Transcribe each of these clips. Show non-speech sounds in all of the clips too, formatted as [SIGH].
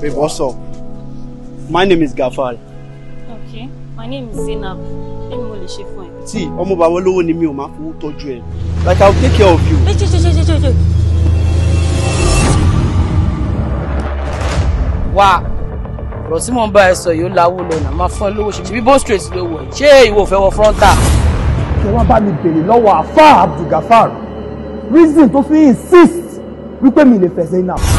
Babe, what's up? My name is Gafal. Okay. My name is Zainab. Èmi mo lè ṣe fún ẹ. Tí ọmọ bàbá Like I'll take care of you. Ṣé ṣe ṣe ṣe ṣe Wa, Wà ọ̀rọ̀ tí mò ń bá ẹ sọ yìí ó láwó lọ́nà máa fún ẹ lówó ṣe bí bó straight ló wọ̀ ṣé ìwọ fẹ́ wọ frontal. Ṣé wọ́n bá mi bèrè lọ́wọ́ àfáà Abdulgafar? Reason tó fi insist wípé me the fẹ́ Zainab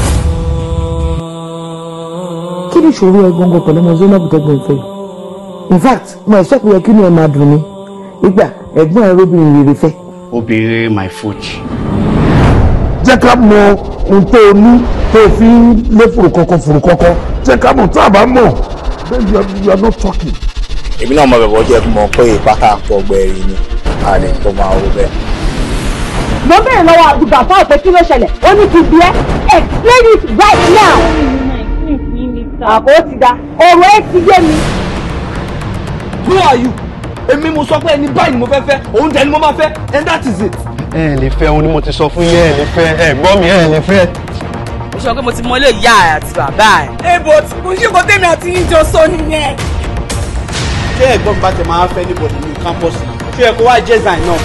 kí ni ẹ gangan pẹ̀lú ọmọ Zainab tẹ́gbọ̀n ìfẹ́ yìí in fact mo ẹ̀ ṣẹ́kù yẹ kí ni ẹ máa dùn ní ìgbà ẹ̀gbọ́n ẹ róbìnrin rere fẹ́. obìnrin my foot. jẹ́ ká mọ ohun tó o ní tó o fi ń lé fòrùkọ́kọ́ fòrùkọ́kọ́ jẹ́ ká mọ̀ tá a bá mọ̀ then you are, you are not talking. èmi náà mọ bẹ̀rẹ̀ wọ́n jẹ́ mọ pé ìpátá àpọ̀gbẹ́ rí ni a lè tó máa wọ bẹ́ẹ̀. mo bẹ̀rẹ̀ lọ́wọ́ àdùgbà fún ọ̀pẹ kí ló ṣẹlẹ̀ ó ní kí n bí ẹ́ explain it right now àbó ti da ọ̀rọ̀ ẹ ti yé mi. who are you? èmi mo sọ pé ẹni báyìí mo fẹ́ fẹ́ òun jẹ́ ni mo máa fẹ́ and that is it. ẹ ẹ lè fẹ́ òun ni mo ti sọ fún yín ẹ lè fẹ́ ẹ gbọ́ mi ẹ lè fẹ́. mo sọ pé mo ti mọ ilé ìyá ẹ àti bàbá ẹ. èbò tí mo ṣe kó tèmi àti yín jọ sọ nìyẹn. ṣé ẹ̀gbọ́n bá tẹ̀ máa fẹ́ níbo ní campus ṣé ẹ kó wá jẹ́ zain náà.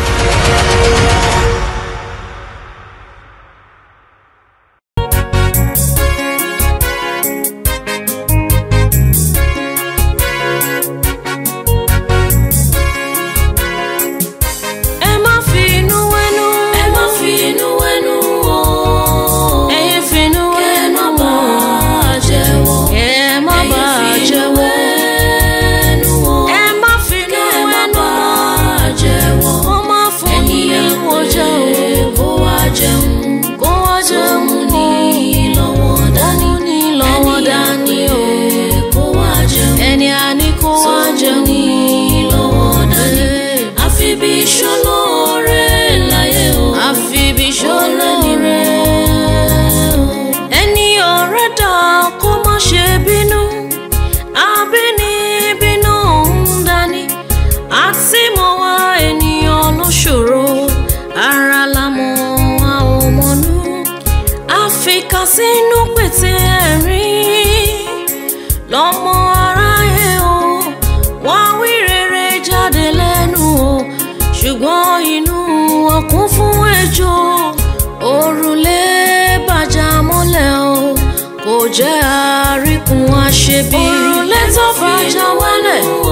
sínú pètè ẹ̀rín lọ́mọ aráyé o wá wí rere jáde lẹ́nu o ṣùgbọ́n inú wọn kún fún ejò òrùlé bàjá mọ́lẹ̀ o kò jẹ́ àríkún àṣebí òrùlé tó bàjá wálẹ̀ o.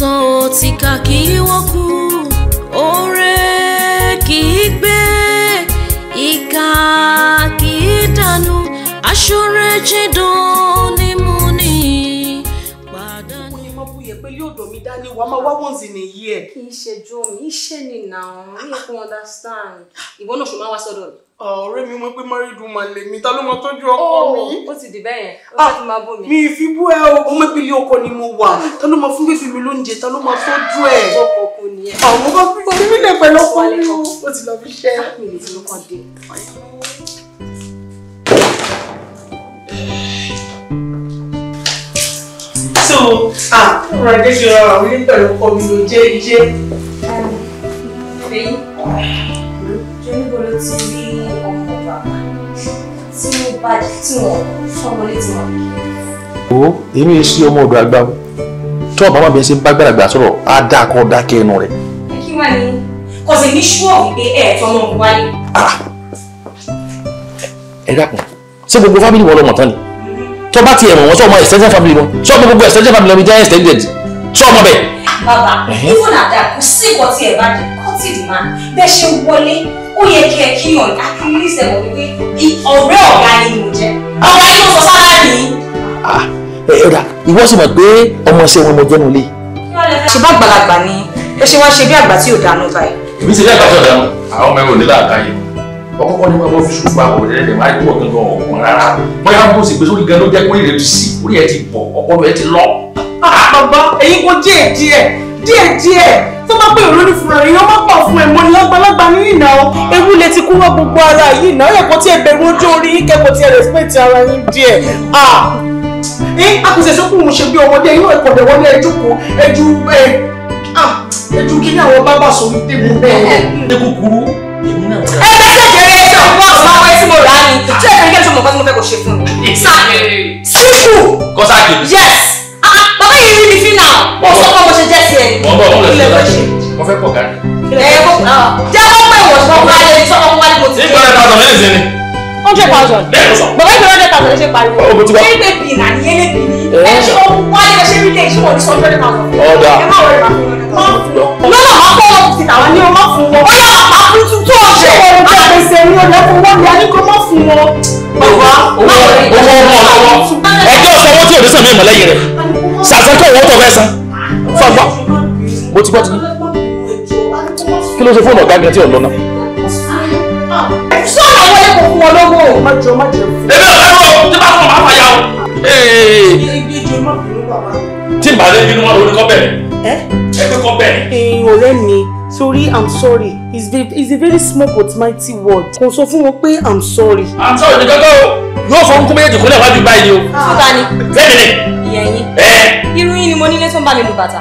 tán ó ti kà kí wọ́n kú oore kì í gbé ìkà kì í dànù aṣọ rẹ jẹ́ dán ni mo ní pàdánù. bóyá pé yóò dọ̀ mí dání wàá máa wá wọ́nzì nìyí ẹ̀. kì í ṣe jọ mi iṣẹ́ ni nàá mi kò understand ìwọ náà ṣùgbọ́n wá sọ́dọ̀ mi. Ah, ọ̀rẹ́ mi mọ̀ pé married woman lèmi ta ló mọ tọ́jú ọkọ oh, mi. ó ti dì bẹ́ẹ̀ yẹn ó ti ah, máa bọ̀ mí. mi ìfi bú ẹ o ọmọ ìpele ọkọ ni mo wà ta ló máa fún bèbè mi lóúnjẹ ta ló máa tọ́jú ẹ. àwọn bá ah, fi orí mi lè pẹ̀lú ọkọ mi o ó ti lọ fi ṣẹ́. so ah ọ̀rọ̀ ajé fi ọ̀rọ̀ àwọn ilé pẹ̀lú ọkọ mi ló jẹ́ ìjẹ́. ṣé níbo ló ti rí bàjẹ́ tí wọ́n fọmọ létí wọn. o èmi ṣe ọmọ ọ̀dọ̀ àgbà o tó ọba máa bẹ ṣe bá gbàdàgbà sọ̀rọ̀ á dá akọ dákẹ́ ẹnu rẹ̀. ẹ kí wàá ní kọsẹ̀ ní ṣúọ̀ wípé ẹ̀ tọmọ òun wáyé. Ah! ẹ dákun ṣé gbogbo fámìlì wọn lọmọ tán ni tó bá ti ẹ̀wọ̀n wọn sọ ọmọ extension family wọn sọ ọmọ gbogbo extension family wọn mi jẹ́ extended sọ ọmọ bẹ́ẹ̀. bàbá even àdàkù sí ìkọ̀tì ẹ̀ bá dé kọ́tì dì máa bẹ́ẹ̀ ṣe wọlé ó yẹ kí ẹ kí yàn akíní sẹ̀wọ̀n wípé ọ̀rẹ́ ọ̀gá ni mo jẹ́ ọ̀gá yóò sọ sálárì. ẹ̀ẹ́dà ah, eh, eh, ìwọ sì mọ̀ pé ọmọ iṣẹ́ wọn mo jẹ́ nulẹ̀. ṣe bá àgbàlagbà ni ẹ ṣe wá ṣe bí àgbà tí ò dànù báyìí. èmi ti rí àgbà tí ò dànù àwọn ọmọ ẹ ò nílà àkáyè ọkọ̀kọ́ ni wọ́n fi ṣùgbọ́n àwọn ọ̀rẹ́ rẹ̀ máa ń gbọ́ gangan ọ̀gbọ́n rárá bóyá bó sì gbé sórí gan ló jẹ́ pé ìrẹ́ ti sí orí ẹ ti bọ̀ ọpọlọ ẹ ti lọ. Ah, bàbá èyí kò díẹ̀ díẹ̀ díẹ̀ díẹ̀ tó bá pè ọ́ lórí fúnra rẹ̀ yẹn wọ́n pọ̀ fún ẹ̀ mọ́ ni lágbàlagbà ní ìnà o ewu lè ti kúrò gbogbo ara yìí ìnà yẹ kó tí ẹ bẹ̀rù ojú orí yín kẹ́kọ̀ọ́ tí ẹ respect ara yín díẹ̀ ah ẹ akọ̀ṣẹ̀ sókùn ṣe bí ọmọdé yóò ẹ̀kọ́ dẹ̀ wọlé ẹjú kó ẹjú ẹ ah ẹjú kí ní àwọn bábà sórí tèmi bẹ́ẹ̀ ẹ kúkúrú èmi náà ẹ bẹ́ẹ̀ kékeré ẹjọ́ bọ́ọ̀sì ẹ yes bàbá yìí rí mi fi náà mo sọ pé mo ṣe jẹ́ sí ẹ. wọ́n bọ̀ wọ́n lọ sí ọ fẹ́ pọ̀ gàrí. ẹ ẹ jẹ́ wọ́n pé ìwọ̀n sọ wá lé sọ wọ́n wá lé mo ti. ìgbà rẹ̀ tààtàn lẹ́yìn sí ni. hundred thousand. bẹ́ẹ̀ ló sọ. bàbá ìgbà hundred thousand ló ṣe pariwo. o ti wá. ṣé ilé bì náà ni ilé bì ni. ẹ ṣe o wá lé ṣé ilé ṣé wọ́n ti sọ hundred thousand. ọ̀dà ẹ má wọlé màá fún wọn. lọ́nà máa kọ́ ti tàwọn ní ọmọ fún wọn. ó yà máa fún tuntun ọ̀ṣẹ́. ó ń bá ẹsẹ̀ ní ọ̀lẹ́ fún wọn ni a ní kó mọ́ fún wọn. bàbá owó ọmọ ọmọ ẹjọ́ sanwó tí òbí sàn mí ìmọ̀lẹ́yìn rẹ̀ ṣàṣẹ́kọ̀ owó tó fẹ́ san fọ́nfọ́ mo ti gbọ́ ti kí ló ṣe fóònù ọ̀gá gẹ̀ẹ́tì ọ̀lọ́nà. sọ́nà wọlé kò fún ọ lọ́wọ́. èmi ọ̀gá ló ti bá fún ọ máa fà yà o. tí n bá lé bínú wọn lórí kọ́ bẹ̀rẹ̀ ẹ kọ́ bẹ̀rẹ̀. ọ̀rẹ́ mi sorry i'm sorry is the is a very small but mighty word kò sọ fún wọn pé i'm sorry. i'm sorry ní kankan o yóò sọ fún méjèèjì kó lè wájú báyìí o. fúta ah. ni. bẹ́ẹ̀ ni. ìyẹn yín. irú yín ni mo nílé tó ń bá mi mu bàtà.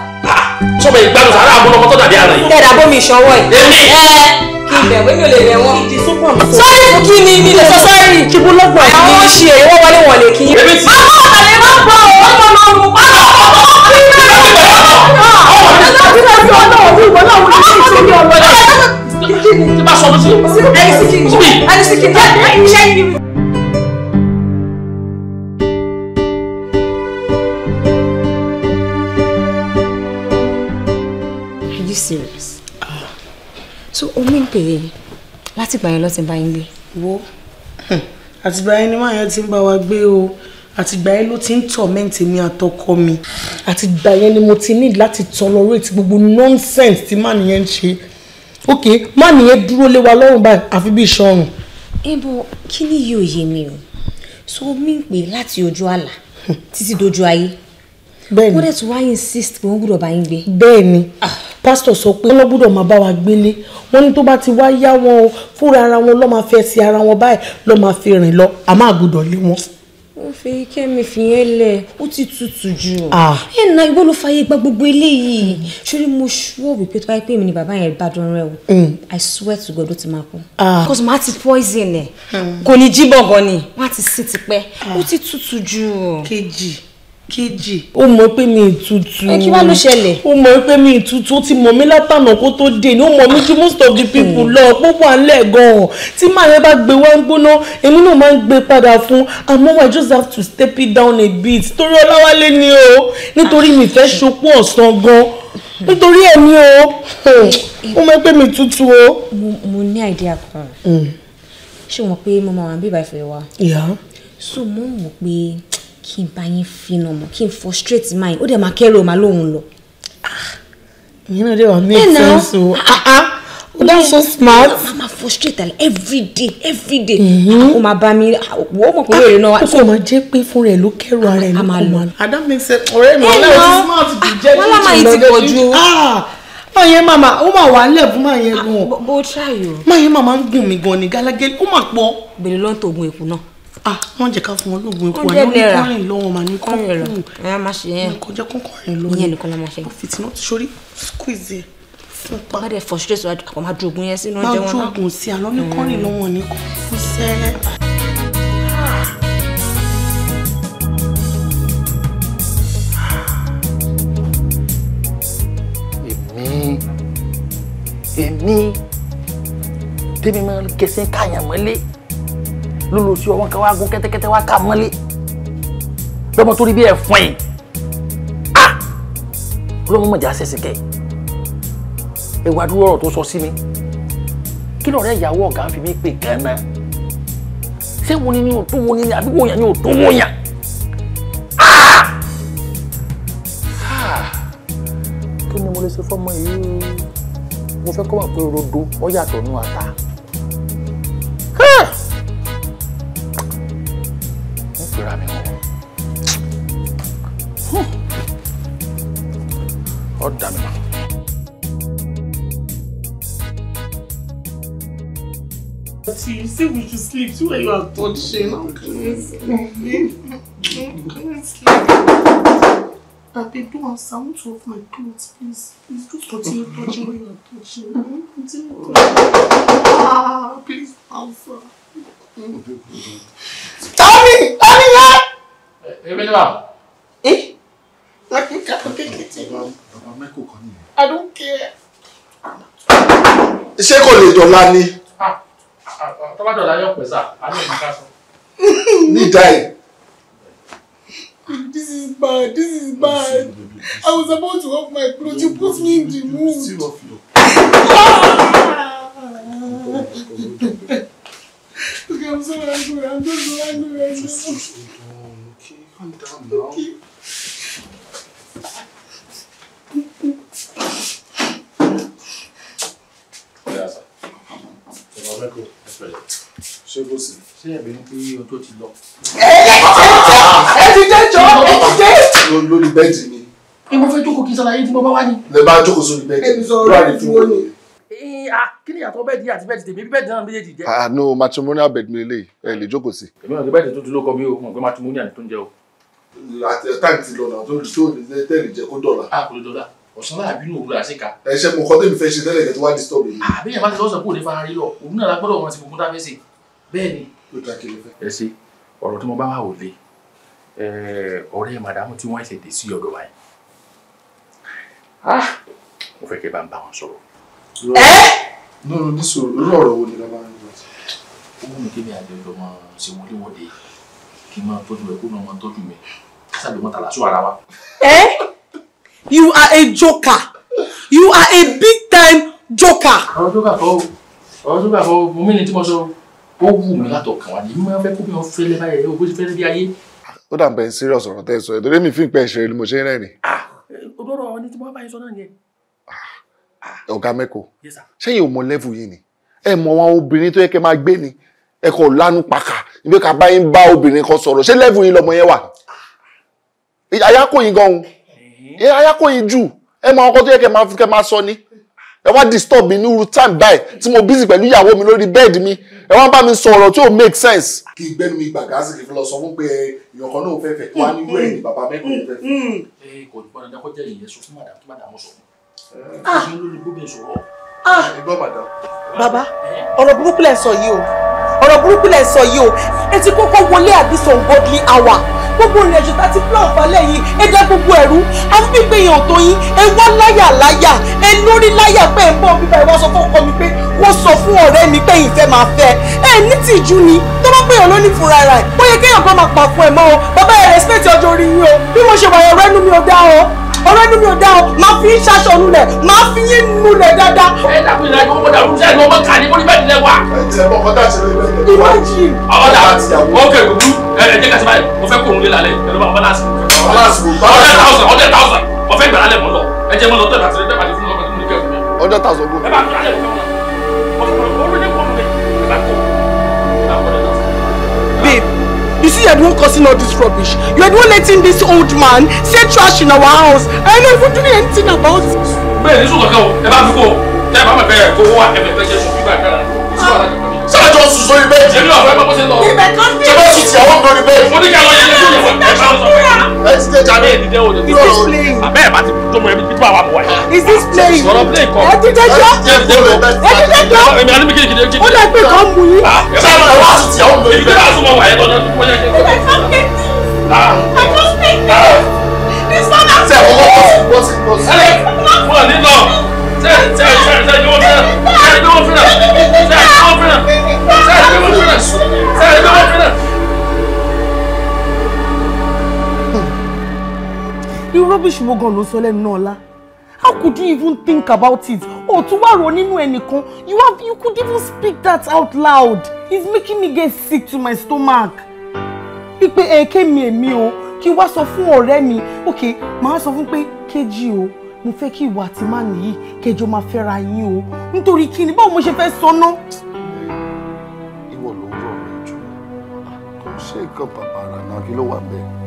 sọ̀rọ̀ ìgbàlùsọ̀ ará àbúrò ọmọ tó dàbí ara yìí. tẹ̀dá bómi ìṣọwọ́ yìí. èmi ìbẹ̀wé mi ò lè rẹ̀ wọ́n. sọ́ọ̀rì fún kí ni mi lè sọ sọ́ọ̀rì. kíbo lọ́gbọ̀n yìí. àwọn ṣe èyí wọ́n wọlé wọ̀n lè kí. àwọn ọ̀tàlẹ̀ máa ń bọ̀ ọ́ ọmọ máa ń mú. ọmọ mi ò lè sọ ọ́ náà wọ́n wọ́n náà wọ́n ní tí bá sọ ọmọ sí ẹyin sí kìíní ẹyin sí kìíní ẹyin sí Are you serious? so omi ń pè é láti gbà yẹn lọ ti bá yín gbé. wo àtìgbà yẹn ni wọn yẹn ti ń bá wa gbé o àtìgbà yẹn ló ti ń tọ̀mẹ́ǹtì mi àtọkọ mi àtìgbà yẹn ni mo ti ní láti tolerate gbogbo nonsense tí màá nìyẹn ń ṣe ok mami yẹn dúró lé wa lọ́rùn báyìí àfi bí ìṣọrùn. ibo kí ni yìí ò yé mi o so mi pè láti ojú àlà títí dojú ayé bẹ́ẹ̀ni wọ́n dẹ̀ tún insist pé wọ́n gbọ́dọ̀ bá yín gbé. bẹ́ẹ̀ni ah. pásítọ̀ sọ pé wọ́n gbọ́dọ̀ máa bá wa gbélé wọ́n ní tó bá ti wá yá wọn fúnra ara wọn lọ́ọ́ máa fẹ́ sí ara wọn báyìí lọ́ọ́ máa fi rìn lọ àmọ́ àgùdọ̀ lé wọn ó fi kẹ́mi fìyẹn lẹ̀ ó ti tutù jù. Ah. ẹ na ìwọ ló fàyè gba gbogbo eléyìí ṣórí mo ṣúwọ́ wípé tó bá pè mí ni bàbá yẹn bá dán rẹ o mm. i swear to god ó ti máa kú. Ah. because màá ti poison ẹ hmm. kò ní jíbọ̀ gan ni wọ́n á ti sí tipẹ́ ah. ó ti tutù jù. kejì kejì ó mọ̀ pé mi ìtutù ẹ kí wàá ló ṣẹlẹ̀ ó mọ̀ pé mi ìtutù ó ti mọ̀ mí látànà kó tó dé ni ó mọ̀ mí ju most of the people lọ púpọ̀ alẹ́ gan-an tí màá yẹn bá gbé wá ń gbóná èmi náà máa ń gbé padà fún àmọ́ I just have to step it down a bit torí ọláwálé ni o nítorí mi fẹ́ ṣopó ọ̀sán gan nítorí ẹ̀mí o ó mọ̀ pé mi ìtutù o. mo ní àìdíyà kan mm. ṣé o mọ̀ pé mo máa wà ń bíbá ìfẹ́ wa so mo mọ̀ pé kí n bá yín finú ọmọ kí n frustrate mind ó dẹ̀ máa kẹ́rù ọmọ lóhùn lọ. you know they were make sense o ah ah, ah oh, that's so smart. ó máa frustrate àlẹ́ every day every day mm-hmm. ah, ó máa bá mi ah, wọ́n mọ̀ pé èrè náà. kókò máa jẹ́ pé fúnra ẹ̀ ló kẹ́rù ara ẹ̀ ló máa lọ. adam makes sense ọ̀rẹ́ mi ọ̀rẹ́ mi ti smart ti jẹ́ jù jù lọ́jọ́ máa yẹn màmá ó máa wà lẹ̀ fún máa yẹn gan. bó try o. máa yẹn màmá ń gùn mí gan ni gálágé ó máa pọ̀. gbèrè ló ń to oògùn èkó náà ah wọ́n jẹ́ ká fún wọn lóògùn ikú àná ní kọrin lọ́wọ́ màá ní kọrin lọ́wọ́ ẹ má ṣe yẹn kò jẹ́ kọkọrin lọ́wọ́ yẹn nìkan la máa ṣe yẹn fìtì náà sórí squeeze yẹn fún pa bá dẹ̀ fọ ṣúlẹ̀ sọ àkọ́ máa drogun yẹn sínú oúnjẹ wọn náà máa drogun sí àná ní mm. kọrin lọ́wọ́ ní kọ́ fún sẹ́ẹ̀. èmi èmi tèmi máa gẹ̀ẹ́sì káyàmọ́lé ló lọ sí ọwọ́n káwá gún kẹ́tẹ́kẹ́tẹ́ wá ká mọ́lé lọ́mọ tó rí bí ẹ̀fọn yìí ah lọ́mọ mọ̀jà ṣẹ̀ṣẹ̀ kẹ́ ẹ wá dúró ọ̀rọ̀ tó sọ sí mi kí lọ́rẹ́ ìyàwó ọ̀gá ń fi mí pè gan-an ṣé wo ni ni ò tó wo ni ni àbí wo yàn ni ò tó wo yàn. Ah! Ah! kí ni mo lè ṣe fọ́mọ yìí mo fẹ́ kọ́ wà pé rodo ó nù ata. say we should sleep. See where you are touching. How can you sleep? How can you sleep? Daddy, do answer. I want to off my clothes, please. Please do continue touching where you are touching. Continue touching. Ah, please answer. Tommy! Tommy, yeah! Hey, Benua. Eh? Like, you can't take it, you know. I don't care. ṣé kò lè dọ̀la ni tọ́bádọ̀ láyọ̀ ah, This is bad. This is bad. I was about to off my clothes. You put me in the mood. Still off your. okay, I'm sorry. I'm sorry. I'm just lying right now. Okay, calm down now. Okay. Yeah, sir. Okay, I'll let go fẹ́lẹ̀. ṣé kò sí ṣé ẹ̀bẹ̀ ń pín iye tó ti lọ. ẹ ẹ ti jẹ́ jọ ẹ ti jẹ́. lórí bẹ́ẹ̀dì ni. ẹ mo fẹ́ jókòó kí n ṣàlàyé tí mo bá wá ní. lè bá jókòó sórí bẹ́ẹ̀dì. ẹni sọ ọ̀rọ̀ rẹ fún mi. kí ni ìyàtọ̀ bẹ́ẹ̀dì àti bẹ́ẹ̀dì tèmi bẹ́ẹ̀dì náà méjèèjì jẹ́. ah no matrimonial bed mi lè ẹ lè jókòó sí. èmi náà ti bẹ́ẹ̀dì tó ti lóko mi ò mọ̀ pé matrimonial tó ń jẹ o. láti táǹtì lọ́nà tó ọ̀sán láàbí ní òwúrọ̀ àṣekà. ẹ ṣe mo kọ́ tẹ́mi fẹ́ ṣe tẹ́lẹ̀ kẹ́tọ́ wá disturb mi. àbí ẹ̀ má ti lọ́sọ̀ kó o lè fara rí lọ òun náà lágbọ́dọ̀ wọn ti mú kúta fẹ́sẹ̀ bẹ́ẹ̀ ni. ẹ ṣe ọ̀rọ̀ tí mo bá wà ò le ọ̀rẹ́ màdámù tí wọ́n ṣe dé sí ọ̀dọ̀ wa yẹn ah! mo fẹ́ kẹ́ bá ń bá wọn sọ̀rọ̀. ẹ lọ́rọ̀ ní sọ̀rọ̀ irú ọ̀rọ̀ wo ni ká máa ń lọ. ó wù mí kí mi àjọyọ̀ ọmọ ṣe wọléwọ̀de kí n máa tọ́jú rẹ̀ kó náà máa tọ́jú mi ká you are a joker you are a big time joker. àwọn tó kà fọ́ àwọn tó kà fọ́ mo mí ni tí mo sọ ó wù mí látọkàn wá ní mo máa fẹ́ kó mi ò fẹ́lẹ́ báyìí ó bó fẹ́lẹ́ bí ayé. ó dà bẹ́ẹ̀ serious ọ̀rọ̀ tẹ́ ẹ sọ ẹ̀ torí mi fi ń pẹ́ ìṣẹ̀rẹ̀ ni mo ṣe ń rẹ́rìn. Ah, olóró ọ ni tí mo bá yín sọ náà yẹn. Ah, ọ̀gá mẹ́kọ ṣẹ́yìn ò mọ lẹ́fù yìí ni ẹ mọ àwọn obìnrin tó yẹ kẹ́ máa gbé ni ẹ kò lánú pàkà ibi ká bá yín bá obìnrin kan sọ̀rọ̀ ṣé lẹ́fù yín lọmọ yẹn wà. àyà ah. kò gan-an ẹ ayákòyìn jù ẹ máa ọkọ tó yẹ kẹ máa kẹ máa sọ ni ẹ wá disturb mi ní irú time báyìí tí mo busy pẹ̀lú ìyàwó mi lórí bed mi ẹ wá bá mi sọ ọ̀rọ̀ tí ò make sense. kí ìgbẹ́nu mi gbàgá sí kí n lọ sọ fún pé èèyàn kan náà fẹ́fẹ́ tó wá ní irú ẹ̀yìn mm-hmm. bàbá mẹ́kọ̀ọ́ fẹ́ fẹ́. Mm-hmm. Mm-hmm. kò ní padà dákọ́ jẹ́ ìyẹn sọ fún màdàm tó màdàm sọ fún un. Eh. Ah. Eh, bàbá eh. ọ̀rọ̀ burúkú lẹ̀ sọ yìí o ọ̀rọ̀ burúkú lẹ̀ sọ yìí o ẹ ti kọ́kọ́ wọlé at this ungodly hour gbogbo ìrìnàjò tá a ti plan falẹ̀ yìí ẹ dá gbogbo ẹ̀rú à ń gbígbé yàn tó yín ẹ wá láyà láyà ẹ lórí láyà pé ẹ ń bọ̀ bíbá ẹ wá sọ fún ọkọ mi pé wọ́n sọ fún ọ̀rẹ́ mi pé ìfẹ́ máa fẹ́ ẹ ní tìjú ni tó bá pè yàn ló fúnra rà bóyá kéèyàn kan máa pàpọ̀ ẹ̀ mọ́ o bàbá ẹ respect ọjọ́ orí yín o bí mo ṣe wà yẹn rẹ́nu mi ò dá o ọ̀rẹ́ mi ò dá o máa fi ṣaṣọ nulẹ̀ máa fi yín nulẹ̀ dáadáa. ẹ dàbí ìlànà ìwọ́n mọ̀dà ọdún sẹ́yìn ọmọ kàní mo ní bẹ́ẹ̀ nílẹ̀ wá. ẹ ti ẹ bọ́ kọ́tà sí ilé gbogbo ẹ ẹ jẹ́ ká ti báyìí mo fẹ́ kóòrùn lé lálẹ́ ẹ̀rọ bá balance. balance bá a hundred thousand hundred thousand mo fẹ́ gbà mọ́ lọ ẹ jẹ́ mọ́ lọ tẹ̀lé àti You see, you're the one causing all this rubbish. You're the one letting this old man say trash in our house. I don't even do anything about it. Bẹ́ẹ̀ni, sọ̀tọ̀ kẹ́ o, ẹ bá fi kó o, tẹ́ ẹ bá mọ̀ bẹ́ẹ̀ kó o wà ẹ̀mẹ̀tẹ́jẹ́ sùn fígbà kan tí a jọ sùn sórí ṣe bá sùn tí àwọn kan ní mo ní kí a lọ yẹ kí ìyàwó ẹ bá ẹ ti tẹ jáde. ẹ ti tẹ òde. this playing. abẹ́ ẹ̀ bá ti tó mọ ẹbí tó àwọn àbọ̀ wáyé. is this playing. sọ̀rọ̀ play kọ. ẹ ti tẹ jọ. ẹ ti tẹ jọ. èmi àti mi kìlìkìlì kìlìkìlì. ó dà pé kàn mú yín. ṣé àwọn ẹ̀ wá sùn tí àwọn kan ní bẹ́ẹ̀dì sẹ ọwọ kọ sí kọ sí. ẹ ẹ wọn nílò sẹ sẹ sẹ sẹ ẹjọ wọn fẹrẹ sẹ ẹjọ wọn fẹrẹ. irú rubbish wo gan ló sọ lẹ́nu náà how could you even think about it o tún wá rò nínú ẹnìkan you have you could even speak that out loud it's making me get sick to my stomach Ipe èké mi èmi o kí wá sọ fún ọ̀rẹ́ mi ok màá sọ fún pé kejì o mo fẹ́ kí ìwà àti má nìyí kẹjọ máa fẹ́ra yín o nítorí kí ni báwo mo ṣe fẹ́ sọ náà. ìwọ ló ń rọ mi jù ah, kò ṣe nǹkan bàbá rà Na kí ló wà bẹ́ẹ̀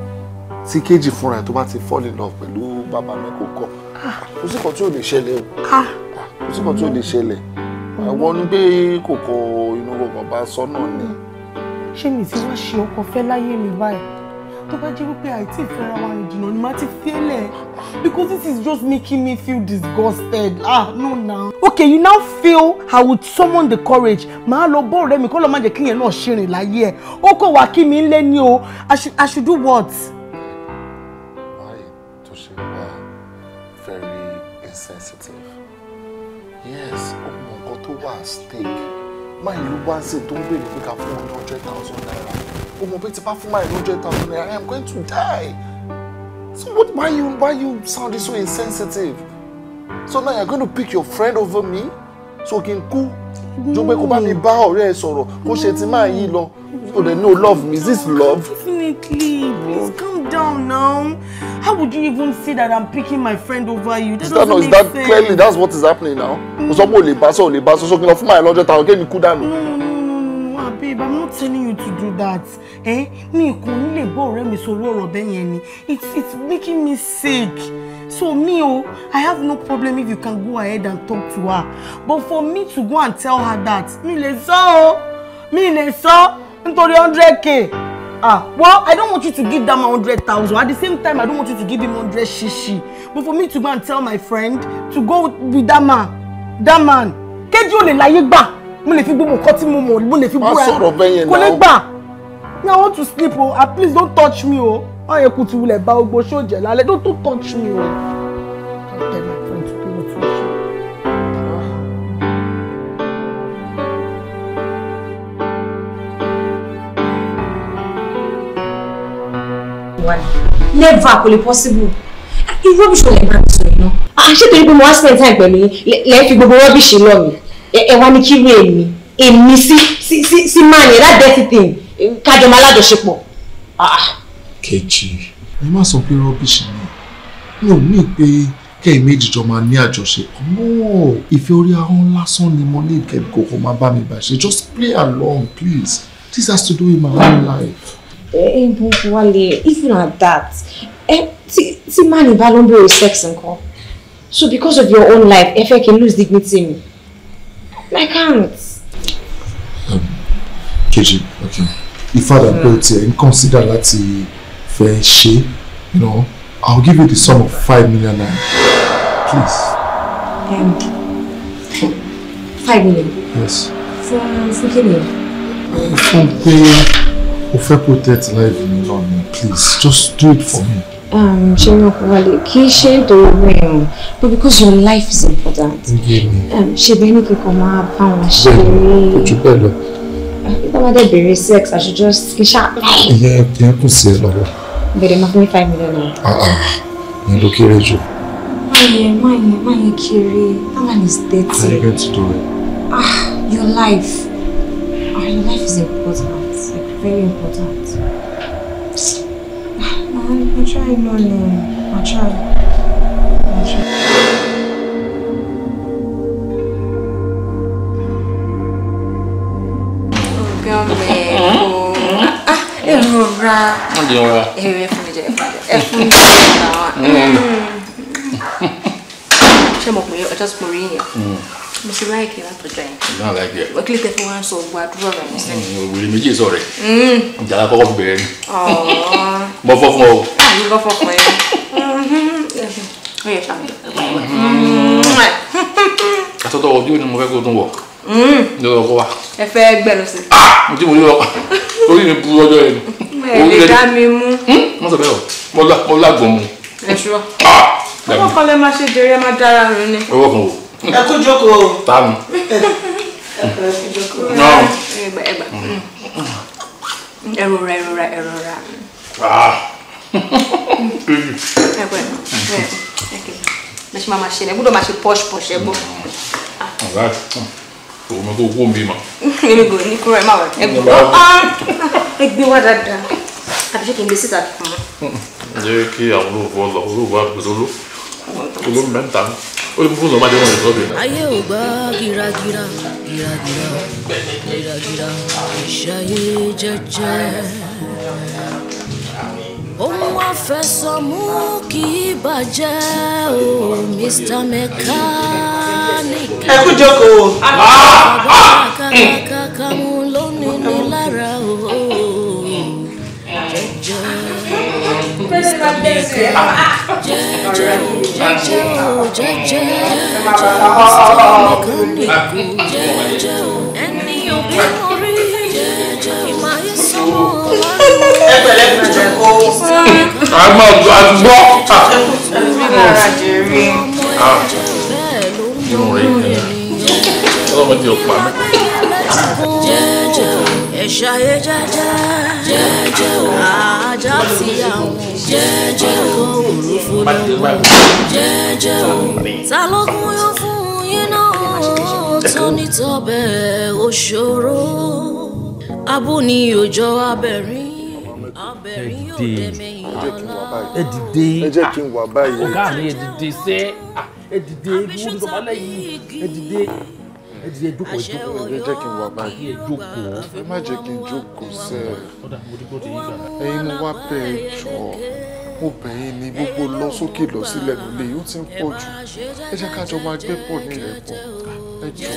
tí kejì fúnra ẹ̀ tó bá ti fall in love pẹ̀lú bàbá mẹ́kò kọ́ ah. kò sí kan tí ò lè ṣẹlẹ̀ o ah. kò sí kan tí ò lè ṣẹlẹ̀ àwọn ní pé kò kọ inú kọkàn bá sọ́nà ni. ṣé mi ti wá ṣe ọkọ fẹ́ láyé mi báyìí tó bá jẹ́ wípé àìtí ìfẹ́ra wa rìn ni màá ti fẹ́lẹ̀ because this is just making me feel disgusted ah no na. okay you now feel i would summon the courage màá lọ bọ́ ọ̀rẹ́ mi kọ́ lọ́ má jẹ́ kíyẹn náà ṣe rìn láyé ẹ̀ ó kọ̀ wá kí mi ń lé ní o i should do what. sensitive yes ó mọ nǹkan tó wà stake máa ìlú wáńsì tó ń béèrè pé ká fún hundred thousand naira ó mọ pé tí bá fún máa hundred thousand naira I am going to die so what why you why you sound so insensitive so now you are going to pick your friend over me so kí n kú jọ pé kó bá mi bá ọ̀rẹ́ ẹ sọ̀rọ̀ kó ṣe ti máa yí so they know love me is this love. definitely please calm down now. How would you even see that I'm picking my friend over you? That doesn't no, Is that Clearly, that's what is happening now. Osopo le baso le baso so kí n lọ fún my lọ́jọ́ ta No, no, no, no, babe, I'm not telling you to do that. Eh? me kò ní lè bọ́ mi sọ̀rọ̀ ọ̀rọ̀ It's it's making me sick. So me oh, I have no problem if you can go ahead and talk to her. But for me to go and tell her that, me lè sọ me mi lè sọ nítorí k ah well i don't want you to give that man hundred thousand at the same time i don't want you to give him hundred shishi but for me to go and tell my friend to go with that man that man kéjì ò lè láyé gbà mo lè fi gbogbo nǹkan mo mọ̀ mo lè fi búra kò lè i want to sleep oh. ah please don't touch me oh. ọ̀yẹ̀kùtù wulẹ̀ bá ogbó ṣó jẹ̀ lálẹ́ don't don't touch me o. Oh. wálé never kò lè possible I irú rọ́bìṣì lè máa sọ iná. àṣé ah, torí pé mo wá spend time pẹ̀lú yín lẹ́ẹ̀ fi gbogbo rọ́bìṣì lọ mi ẹ wá ní kírú èmi èmi sí sí sí máa yẹn that dirty thing kájọ máa lájọṣepọ̀. Ah. kejì ẹ má sọ pé rọ́bìṣì ni mi No ní pé kẹ́ ẹ̀ méjì jọ máa ní àjọṣepọ̀ no ìfẹ́ orí ahọ́n lásán ni mo ní ìkẹ́kọ̀ọ́ máa bá mi bá ṣe just play along please this has to do with my own life ẹ bùkún wálé even at that ẹ tí tí mani bá ló ń bèrè sex nǹkan so because of your own life ẹ fẹ́ kí n lose dignity mi I can't. kejì okay ifada pé o tiẹ̀ ń consider láti fẹ́ ṣe you know I will give you the sum of five million naira please. Um, five million. yes. fún fún kí ni. fún pé mo fẹ́ protect life mi náà ni please just do it for me. Um, ṣé náà kò wálé kì í ṣe nítorí owó ẹ̀ o but because your life is important. Um, ṣe bẹ́ẹ̀ ni kíkọ́ máa bá wọn ṣe é. bẹ́ẹ̀ ni ojú bẹ́ẹ̀ lọ. nígbà máa dẹ̀ bèrè sex I should just kì í ṣá. ìyẹn ìyẹn kù sí ẹ lọ́wọ́. bẹ̀rẹ̀ máa fún mi five million naira. ìyẹn ah, ah, ló kéré jù. máyẹ máyẹ máyẹ kéré that man is dirty. how are you going to do it. ah your life ah your life is important very important. I, I try, Lolly. I try. I try. Ìrora. Wọ́n di ọ̀rọ̀. Èrè fún mi jẹ ẹ̀fún mi jẹ ẹ̀fún mi jẹ ẹ̀fún mi. Ṣé mo pè é ọjọ́ tí mo rí yẹn? Mm mo ti láìkì látọjọ́ yẹn. náà láìkì ẹ. wọ́n kílẹ̀ tẹ́ fún wa ń sọ ògbó àdúrà rẹ̀ ní sẹ́yìn. òwúrẹ́ méjì sọ rẹ̀. Hmm. ìjàlá kọ́kọ́ fi bẹ̀rẹ̀ ni. mo fọ́ fún ọ. àmì ah, kọ́ fọ́ fún ẹ. ó yẹ sàmì. àtọ́tọ́ ọjọ́ ni mo fẹ́ kó tún wọ̀. Hmm. lọ́wọ́ kọ́ wa. ẹ fẹ́ gbẹ̀rù sí. Ah! mo ti mú yọ orí mi bu ọjọ́ yẹn. ẹ̀ẹ́dẹ̀ dá mi mú. Hmm? mo sọ bẹ́ẹ̀ o mo lágbọ̀n mu. ẹ̀ ṣùgbọ́n. Ah! ọwọ́ kan lè máa ṣe jẹrẹ máa dára rìn ni. ọwọ́ kan wò ẹ kú jókòó o. báwo. ẹ kú jókòó. ẹgbà ẹgbà ẹrora ẹrora ẹrora. ẹgbẹ́ ẹ ṣe máa ma ṣe ẹ gbọ́dọ̀ máa ṣe pọ́ṣ pọ́ṣ ẹ gbọ́. ọ̀gá òun mi kò kó mi mà. èmi kò ní kúrò ẹ má wẹ̀ ẹ gbọ́ ah, ẹ gbé wá dáadáa àbí ṣé kí n gbé síta fún un. jẹ́ kí àwọn olóògbé ọlọ́ olóògbé àgbẹ̀dọ́ olóògbé mẹ́ta ó lè fún ọmọdé wọn ìtọ́jú. ayé ò gbà gírágírá gírágírá gírágírá ìṣayé jẹ́jẹ́ ohun àfẹsọ̀mú kì í bàjẹ́ o Mr. Mechanic. ẹ kú jókòó. bàbá kàkàkà mú lónìí ní lára o jẹ́jẹ́ Mr. Mechanic jẹ́jẹ́ o jẹ́jẹ́ o jẹ́jẹ́ jẹ́jẹ́ mẹkáníkù jẹ́jẹ́ o ẹni òbí mo rí jẹ́jẹ́ o ìmáyé sọ́mọ́ ọ̀la. ẹgbẹ́ lẹ́gbẹ̀ẹ́ jẹ́ kó. àgbọ̀ àgbọ̀. bẹ́ẹ̀ ló ń bọ̀ lórí mi. ọlọ́mọdé ò pa mí ẹ̀ṣà yé jẹ́jẹ́ jẹ́jẹ́ o ajá ti àwọn jẹ́jẹ́ o òrùfo lọ́wọ́ jẹ́jẹ́ o ta ló kún yóò fún yín náà tó nítọ́bẹ̀ òṣòro abúni òjò abẹ́rin abẹ́rin yóò dẹ̀mẹ̀yìn ọ̀la. ẹ dìde ẹ jẹ́ kí n wà báyìí. ọ̀gá mi ẹ dìde ṣé ẹ dìde ìwúrí bàbá lẹ́yìn ẹ dìde ẹ ti yẹ jókòó jókòó ẹ jẹ́ kí n ẹ má jẹ́ kí n jókòó sẹ́ ẹ mo wá bẹ̀ jọ mo bẹ̀ yín ní gbogbo lọ sókè lọ sílẹ̀ nílé yìí ti ń pọ̀ jù ẹ jẹ́ ká jọ máa gbé pọ̀ ní ìrẹ́pọ̀ ẹ jọ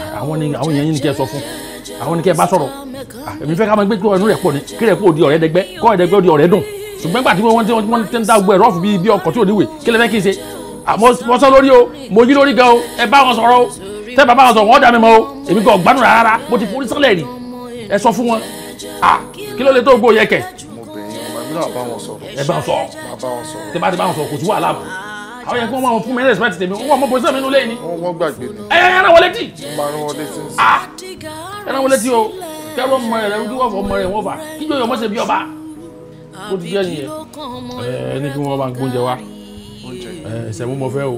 ah, àwọn ni àwọn èèyàn yín ni ẹ sọ fún àwọn ni kẹ́ ẹ bá sọ̀rọ̀ ah, èmi fẹ́ ká máa gbé kí ọ̀rẹ́ rẹ̀ pọ̀ ní kí rẹ̀ pọ̀ di ọ̀rẹ́ dẹgbẹ́ kọ́ ọ̀rẹ́ di ọ̀rẹ́ dùn ṣùgbọ́n gbà tí wọ́n ti ń dá gbogbo ẹ̀rọ ọ̀fù bíi ọkọ̀ tí ò mo sọ lórí o mo yí lórí gan o ẹ bá wọn sọ̀rọ̀ o tẹ bàbá wọn sọ wọn dà mí mọ o èmi kò gbádùn rárá mo ti forí sọlẹ rí ẹ sọ fún wọn à kí ló lè tó gbó yẹ kẹ. ẹ bá wọn sọ tẹ bá ti bá wọn sọ kò sí wàhálà mọ́ àwọn yẹn kí wọn máa fún mi ní respect tèmi wọn mọ bó sẹmi nínú lẹ́yìn ni. wọn gbàgbé ni. ẹ ẹ wọlé tì. ẹran wọlé tì o kẹrù ọmọ rẹ rẹ wọ́n fọ ọmọ wọ́n fà kíjọ yọ ọmọ ṣe bí ọba ó ti jẹ́ nìyẹn. ẹ ẹ ní kí wọ́n bá gbóúnjẹ wá ṣẹ̀mú eh, mo fẹ́ o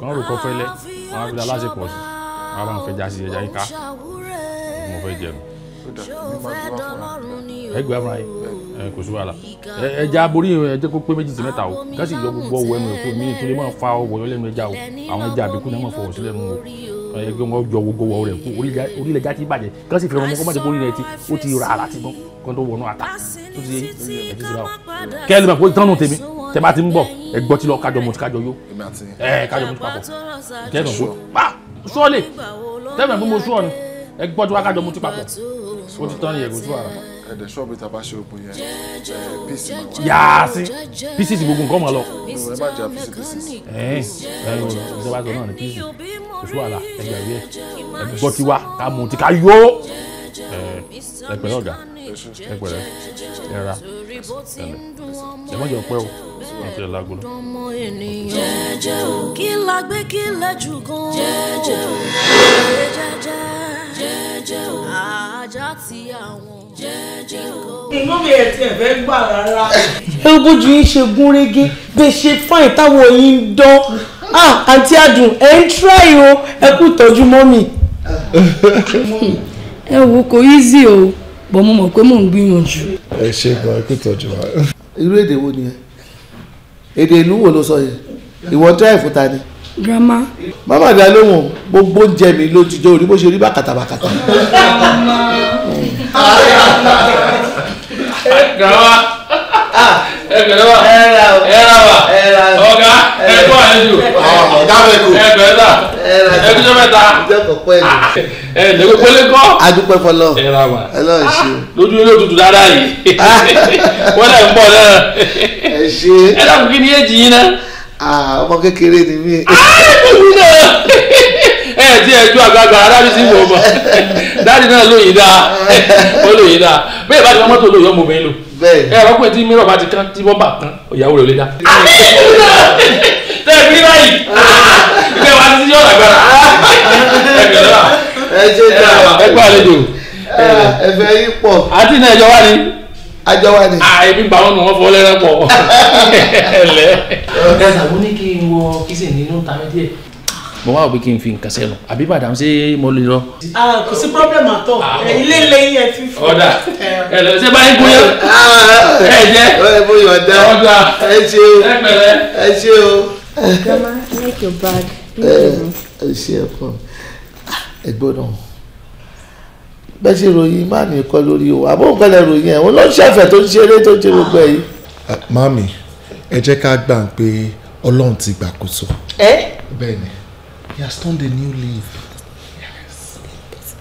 kàn rò kọ́ fẹ́lẹ́ àwọn abidà aláṣepọ̀ sí àwọn àwọn fẹjà sí ẹja yíká mo fẹ́ jẹun. ẹ gbé afra yìí ẹ eh, kò sí wàhálà eh, ẹja aborí ẹjẹ kó pé méjì sí mẹ́ta o gáàsì yọ gbogbo ọwọ́ ẹnu èkó mi ìtúlẹ̀ máa fa ọwọ́ yọ lẹ́nu ẹja o àwọn ẹja àbíkú náà máa fọwọ́ sílẹ̀ nù o ẹgbẹ́ wọn jọ gbogbo wọ rẹ̀ kú orílẹ̀ ẹja ti bàjẹ́ gáàsì fẹ́ràn ọmọ kọ́ máa ti ti ó ti rà á láti gbọ́n kó wọnú ata tó ti yé ẹ ti sọ báwo kẹ́lẹ́ mi àpò ìtàn nù tèmi tẹ bá ti ń bọ̀ ẹ gbọ́ tí lọ kájọ mo kájọ yó ẹ kájọ ah, mo ti papọ̀ kẹ́nu sọ pa sọ́ọ̀lẹ̀ tẹ́lẹ̀ fún mo sọ́ọ̀ ni ẹ gbọ́ tí wá kájọ mo papọ̀ ó ti tán ni ẹ̀gbọ́n tí wà rà. ẹ̀dẹ̀ sọ́ọ̀bù tàbá ṣe oògùn yẹn píìsì máa wà. yáa sí gbogbo nǹkan mọ̀ lọ. ẹ má jà sọ náà ni píìsì kò sí wàhálà ẹ gbàgbé ẹ wá ká mo ti ká yó ọ̀gá ẹ pẹ̀lẹ́ ẹ ra ẹ mọ̀jọ pẹ́ o ẹ ti lágolo. jẹ́jẹ́ o kí la gbé kí lẹ jù gan. jẹ́jẹ́ o jẹ́jẹ́ jẹ́jẹ́ o ajá ti àwọn jẹ́jẹ́ o. inú mi ẹ̀ tiẹ̀ fẹ́ gbà rárá. ogójì yín ṣe gún régé bẹ́ẹ̀ ṣe fáìn táwọn yín ń dán ah, àǹtí àdùn ẹ̀ ń tíráì o ẹ kú tọ́jú mọ́mì. ẹ wò kò easy o bọ́ mo mọ̀ pé mò ń gbìyànjú. ẹ ṣe gan ikú tọ́jú wa. irú èdè wo nìyẹn èdè ìlú wo ló sọ yẹn ìwọ tẹ́ ẹ̀fọ́ ta ni. grandma. mama dá lóhùn gbogbo oúnjẹ mi ló ti jẹ orí bó ṣe rí bákàtà bákàtà. grandma ẹgbẹ̀rún wa ẹ̀rà wa ọ̀gá ẹ̀kọ́ àlejò ọ̀gá mẹ́kù ẹgbẹ̀rún ẹgbẹ̀rún mẹ́ta ẹ̀ lẹ́gbẹ̀ẹ́ pẹ́lẹ́kọ́. Ah, adúpẹ́ fọlọ́ ẹ̀rà wa ẹlọ́run ṣe. lójú ilé òtútù dáadáa yìí [LAUGHS] wọ́n lẹ̀ ń bọ̀ lẹ́rẹ̀. ẹ ṣe. kí ni èjì yín náà. Ah, ọmọ kékeré ni mí. Ah, ẹ ti ẹjọ́ àgbàgbà aráàlú sí ìwọ ọmọ dáàdì náà lóyìn dáa ó lóyìn dáa bẹ́ẹ̀ bá ti wọ́n mọ́tò lóyìn ọmọ obìnrin lò ẹ ẹ̀rọ pé tí mìíràn bá ti kán tí wọ́n bà tán ìyàwó rẹ̀ lè dá. Ah! àbí ìlú tẹ̀bí báyìí ìgbẹ́ wa ti yọ̀ lágbára ẹgbẹ́ àlejò ẹ̀fẹ̀ yìí pọ̀ àti iná ẹ̀jọ̀ wá ni àjọ wa ni. àà ah, ibi gbà wọn nù wọn fọ lẹ́rẹ́ pọ̀ [LAUGHS] ẹ̀lẹ́. ẹ̀sà mo ní kí n wọ kí sì nínú ta mi díẹ̀ mo wá òbí kí n fi nǹkan sẹ́nu àbí madam ṣé mo lè lọ. Ah, kò sí problem at ah, eh, ilé ilé yẹn ti fún. ọ̀dà ẹ lọ ṣe báyìí kú yẹn ah, ẹ jẹ́ ọ̀dà ẹ ṣe o ẹ ṣe o. grandma make your bag. Eh, ẹ ṣe ẹ pọ ẹ gbọ́dọ̀ bẹ́ẹ̀ ṣe ròyìn máàmì kọ́ lórí o àbó nǹkan lẹ ròyìn ẹ̀ wọ́n lọ ṣẹ̀fẹ̀ tó ń ṣeré tó ń ṣe gbogbo ẹ̀ yìí. máàmì ẹ jẹ́ ká gbà pé ọlọ́run ti gbàkóso. ẹ bẹ́ẹ̀ ni. He has turned a new leaf. Yes.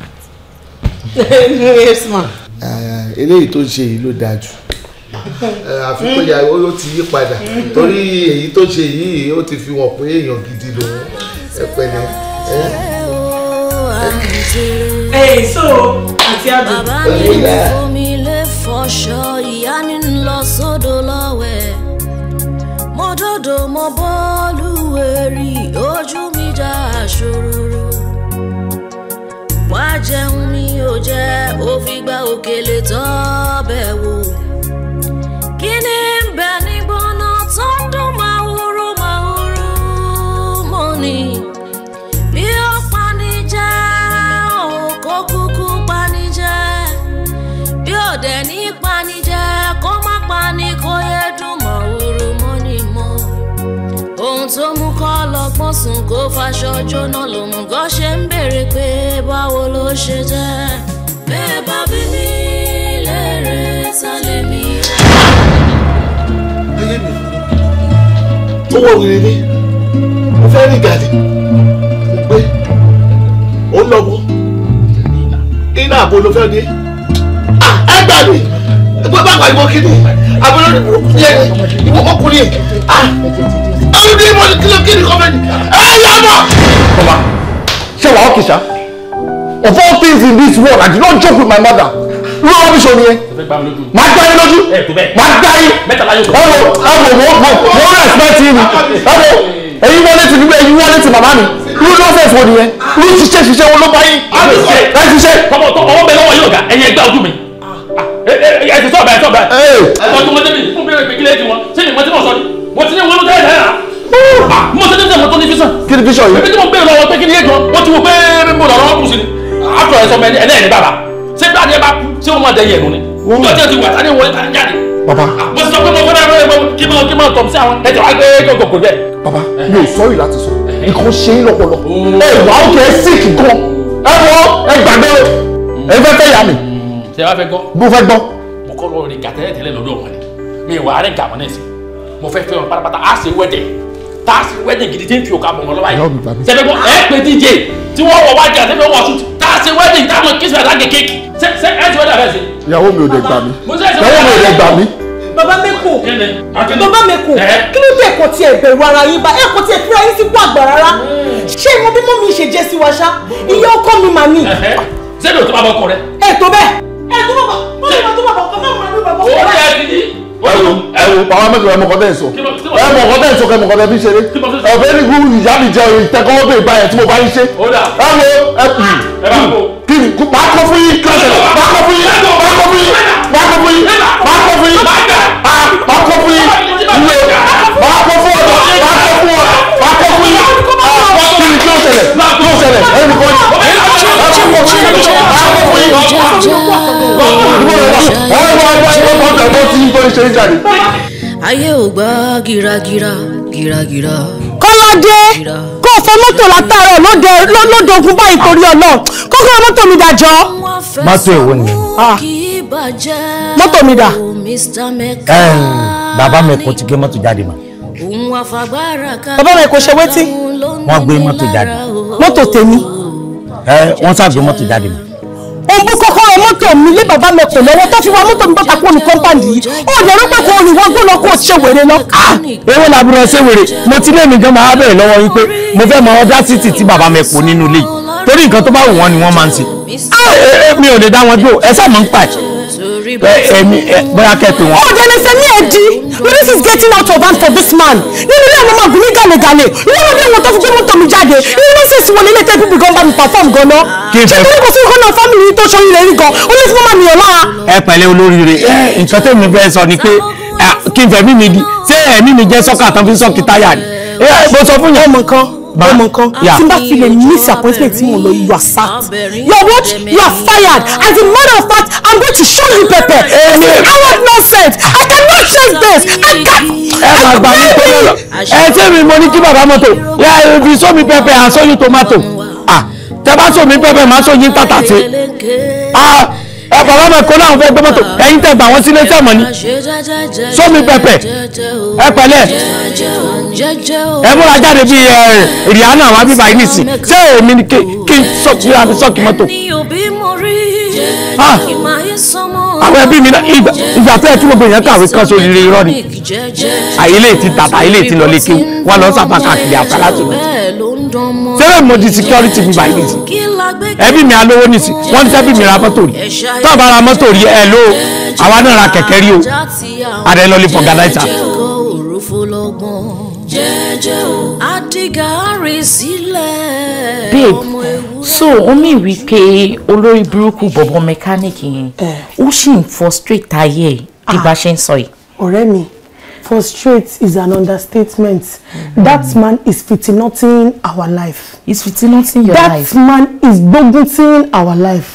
[LAUGHS] yes, ma. Eh, eléyìí tó ń ṣe yìí ló dáa jù. Eh, àfi pé ìyàwó ló ti yí padà. Torí èyí tó ṣe yìí ó ti fi wọ̀n pé èèyàn gidi lòun. Ẹ pẹ̀lẹ́. Ẹyìn eh. so àti àdùn. Bàbá mi lè mo bọ́ọ̀lù wẹ̀rì. jẹun mi ò jẹ ó fi gba òkèlè òmùgọ̀ faṣọ jóná lòmùgọ̀ ṣe ń béèrè pé báwo ló ṣe jẹ́ bẹ́ẹ̀ bá bí mi lérè sálẹ̀ mi. ayé mi tó wọ òrìrì ni mo fẹ́ rìn gàdí mo gbé ó ń iná àbò ló fẹ́ dé ah, ẹgbàá mi ìwọ bá gba ìwọ kíni àbúrò yẹ ìwọ ọkùnrin ah ọdún ní ìmọ̀ kílò kíni kọ́mẹ́ni ẹ yà mọ̀. bàbá ṣé wàá ọkì sá of all things in this world i do not joke with my mother ló wọ́n mi sọ nìyẹn máa dá yín lójú máa dá yín ẹ̀wọ̀ ẹ̀wọ̀ mo mo mo respect yín mi ẹ̀wọ̀ ẹ̀yin wọlé ti gbígbé ẹ̀yin wọlé ti màmá mi irú nọ́ọ̀sẹ̀sì wo nìyẹn irú ṣiṣẹ́ ṣiṣẹ́ wo ló bá yín ẹ̀ ṣiṣẹ́. ọmọ bẹ lọ́wọ́ yóò ga ẹ̀yin ẹgbẹ́ ojú mi ẹ ti sọ̀bà ebi tí mo gbèrò lọ́wọ́ pé kí ni yéé wọ́n ti wo pé mo lọ́ọ́ lọ́wọ́ kù ni àtọ̀ ẹ̀ sọ ẹ̀ lẹ́yìn bàbá ṣé bí adé bá kú ṣé wọ́n máa dẹ̀yẹ̀ nù ni. wọ́n ti ti wà tani wọlé tani jáde. bàbá mo sọ pé mo fẹ́ rẹ́ rẹ́ kí mo kí mo tọ̀ sí àwọn ẹ̀jẹ̀ wá gbé gògògò bẹ́ẹ̀. bàbá mi ò sọ yìí láti sọ nǹkan ṣe é lọ́pọ̀lọpọ̀ ẹ̀ wà ó kẹ́ ẹ́ gan ẹ̀ wọ́n ẹ̀ gbàgbé ẹ̀ fẹ́ fẹ́ yà mí ṣe wá fẹ́ gbọ́. mo fẹ́ gbọ́. mo kọ́ lọ́ọ́ rẹ̀ gà tẹ́lẹ̀ tẹ́lẹ̀ lọ́dọ̀ wọn ni mi wà á rẹ̀ gà wọn náà sí mo fẹ́ fẹ́ wọn pátápátá á sì wẹ́dẹ̀ tá a sì wẹ́dẹ̀ gidi tí ń fi òkà bọ̀ wọn lọ́wọ́ yìí ṣe fẹ́ gbọ́ ẹ pé DJ tí wọ́n wọ wájà ṣe fẹ́ wọ́ ọ̀ṣun tá a sì wẹ́dẹ̀ tá a mọ kí sùn àtàkè kéèkì ṣe ṣe ẹ ti wẹ́dẹ̀ àfẹ́sẹ̀. ìyàwó mi ò dé gbà mí ìyàwó mi ò dé gbà mí. bàbá mi kù bàbá mi kù kí ló dé ẹ̀kọ́ tiẹ̀ bẹ̀rù ara yín bá ẹ̀kọ́ tiẹ̀ fúra yín sí kú àgbà rárá hmm. ṣé ìwọ bí mọ́ mi ṣe jẹ́ sí wa ṣá iye ọkọ mi mà ní. ṣé lóòótọ́ bá bọ́ ọkọ rẹ. ẹ tó bẹ́ẹ̀ ẹwù bàbá mẹ́kọ̀ọ́ ẹmọ kọ́tẹ́ ìsọ ẹmọ kọ́tẹ́ ìsọ kẹmọ kọ́tẹ́ fi ṣeré ẹ̀fẹ́ ní kú ìyá mi jẹ ìtẹ́kọ́wọ́ bèè báyẹn tí mo bá ń ṣe ẹwọ ẹkù hmm, kí ni kú máa kọ́ fún yín kẹsẹ̀ máa kọ́ fún yín máa kọ́ fún yín máa kọ́ fún yín máa kọ́ fún yín ah, máa kọ́ fún yín ilé. ṣẹlẹ̀ tó ṣẹlẹ̀ ẹni mi kọ́ ni. ayé ò gbà gíragíra gíragíra. kọ́ládé kó o fọ mọ́tò látàárọ̀ lóde ogun báyìí torí ọ̀nà kókó mọ́tò mi dájọ́. mọ́tò èwo ni. Ah. mọ́tò mi dà. bàbá mi kò ti gé mọ́tò jáde mọ́. bàbá mi kò ṣe wétí. wọ́n gbé mọ́tò jáde mọ́tò tèmi. ẹ wọ́n sáà gbé mọ́tò jáde mi. òun bú kọ́kọ́rọ́ mọ́tò mi lé bàbá mi kò lọ́wọ́ tó fi wá mọ́tò mi bọ́ta kúrò ní kọ́ńpáàdì yìí ó lè rọ́pẹ́ kó olùwọ́n gbọ́ lọ kó o ṣe wèrè lọ. ewé làbúrò ṣe wèrè mo ti lé mi gan máa bẹ̀rẹ̀ lọ́wọ́ yín pé mo fẹ́ mọ ọdá títì tí bàbá mi kò nínú ilé yìí torí nǹkan tó bá wù wọ́n ni wọ́n máa ń ṣe. Ah! Eh, eh, mi ò lè dá wọn dúró ẹ sáà mọ̀ ń pàṣẹ ẹmi bóyá kẹ́pẹ́ wọn. ọ̀dẹ̀ ní sẹ́mi ẹ̀ di this is getting out of hand for this man nínú ilé àwọn ọmọbìnrin gàlẹ́gàlẹ́ lọ́wọ́ bí wọn tó fi gbé mọ́tò mi jáde nínú wọn sì sí wọn nílé tẹ́bí bí gan bá mi perform gan náà. kí n bẹ̀rẹ̀ ṣé kí n kọ́ náà family. tó ṣọyún lè rí gan ó lè fún mọ́ mi ọ̀la. ẹ pẹ̀lẹ́ olóríire nǹkan tẹ́mi fẹ́ sọ ni pé kí n fẹ́ mímì di ṣé ẹ̀mí mi jẹ́ sọ́kà tán fi sọ́kì táyà ni. mo sọ fún yẹn. ọmọ kan ọmọ nǹkan tí bá fi lè miss appointment tí mo lọ you are sacked you are you are fired as a matter of fact i'm going to show you pepper èmi no sense. i cannot change this i can't. ẹ máa gbà mí pé lọ ẹ ṣé mi mo ní kí bàbá mọ́tò ẹ fi sómi pẹpẹ and sóyún tomato ah tẹ bá sómi pẹpẹ máa sóyún tàtàtì ah ọ̀pọ̀ ọlọ́mọ ẹ̀kọ́ náà fẹ́ gbé mọ́tò ah. ẹ̀yin tẹ̀ gbà wọ́n sílé sẹ́mọ̀ ni sómi pẹpẹ ẹ pẹ̀lẹ́ ẹ múra jáde bíi Rihanna àwọn abíbá yìí nìsín ṣé èmi ni kí n sọ́ọ̀kì àfi sọ́ọ̀kì mọ́tò. Ah. àwọn ẹbí mi náà ìgbà tó ẹ tí gbogbo èèyàn kàwé kan sórí irọ́ ni àyílẹ̀ ti tàtà àyílẹ̀ ti lọ lékè wọn lọ sábà káàkiri àkàlà tó lọ. sẹ́rẹ̀ mọ́ di security bíbá yìí nìsín ẹbí mi alówó nìsí wọ́n ní sẹ́bí mi ra mọ́tò rí tọ́ọ̀ bá ra mọ́tò rí ẹ ló àwa náà ra kẹ̀kẹ́ rí o àrẹ lọ́ọ́ lè fọ̀gàdáìsà. babe so omi wí pé olórí burúkú bọ̀bọ̀ mẹkáníìkì yẹn ó sì ń frustrate ayé ẹ̀ bí ah. bá ṣe ń sọ yìí. ọ̀rẹ́ mi frustrate is an understatement. Mm -hmm. That man is fitinoting our life. He's fitinoting your that life. That man is bogunting our life.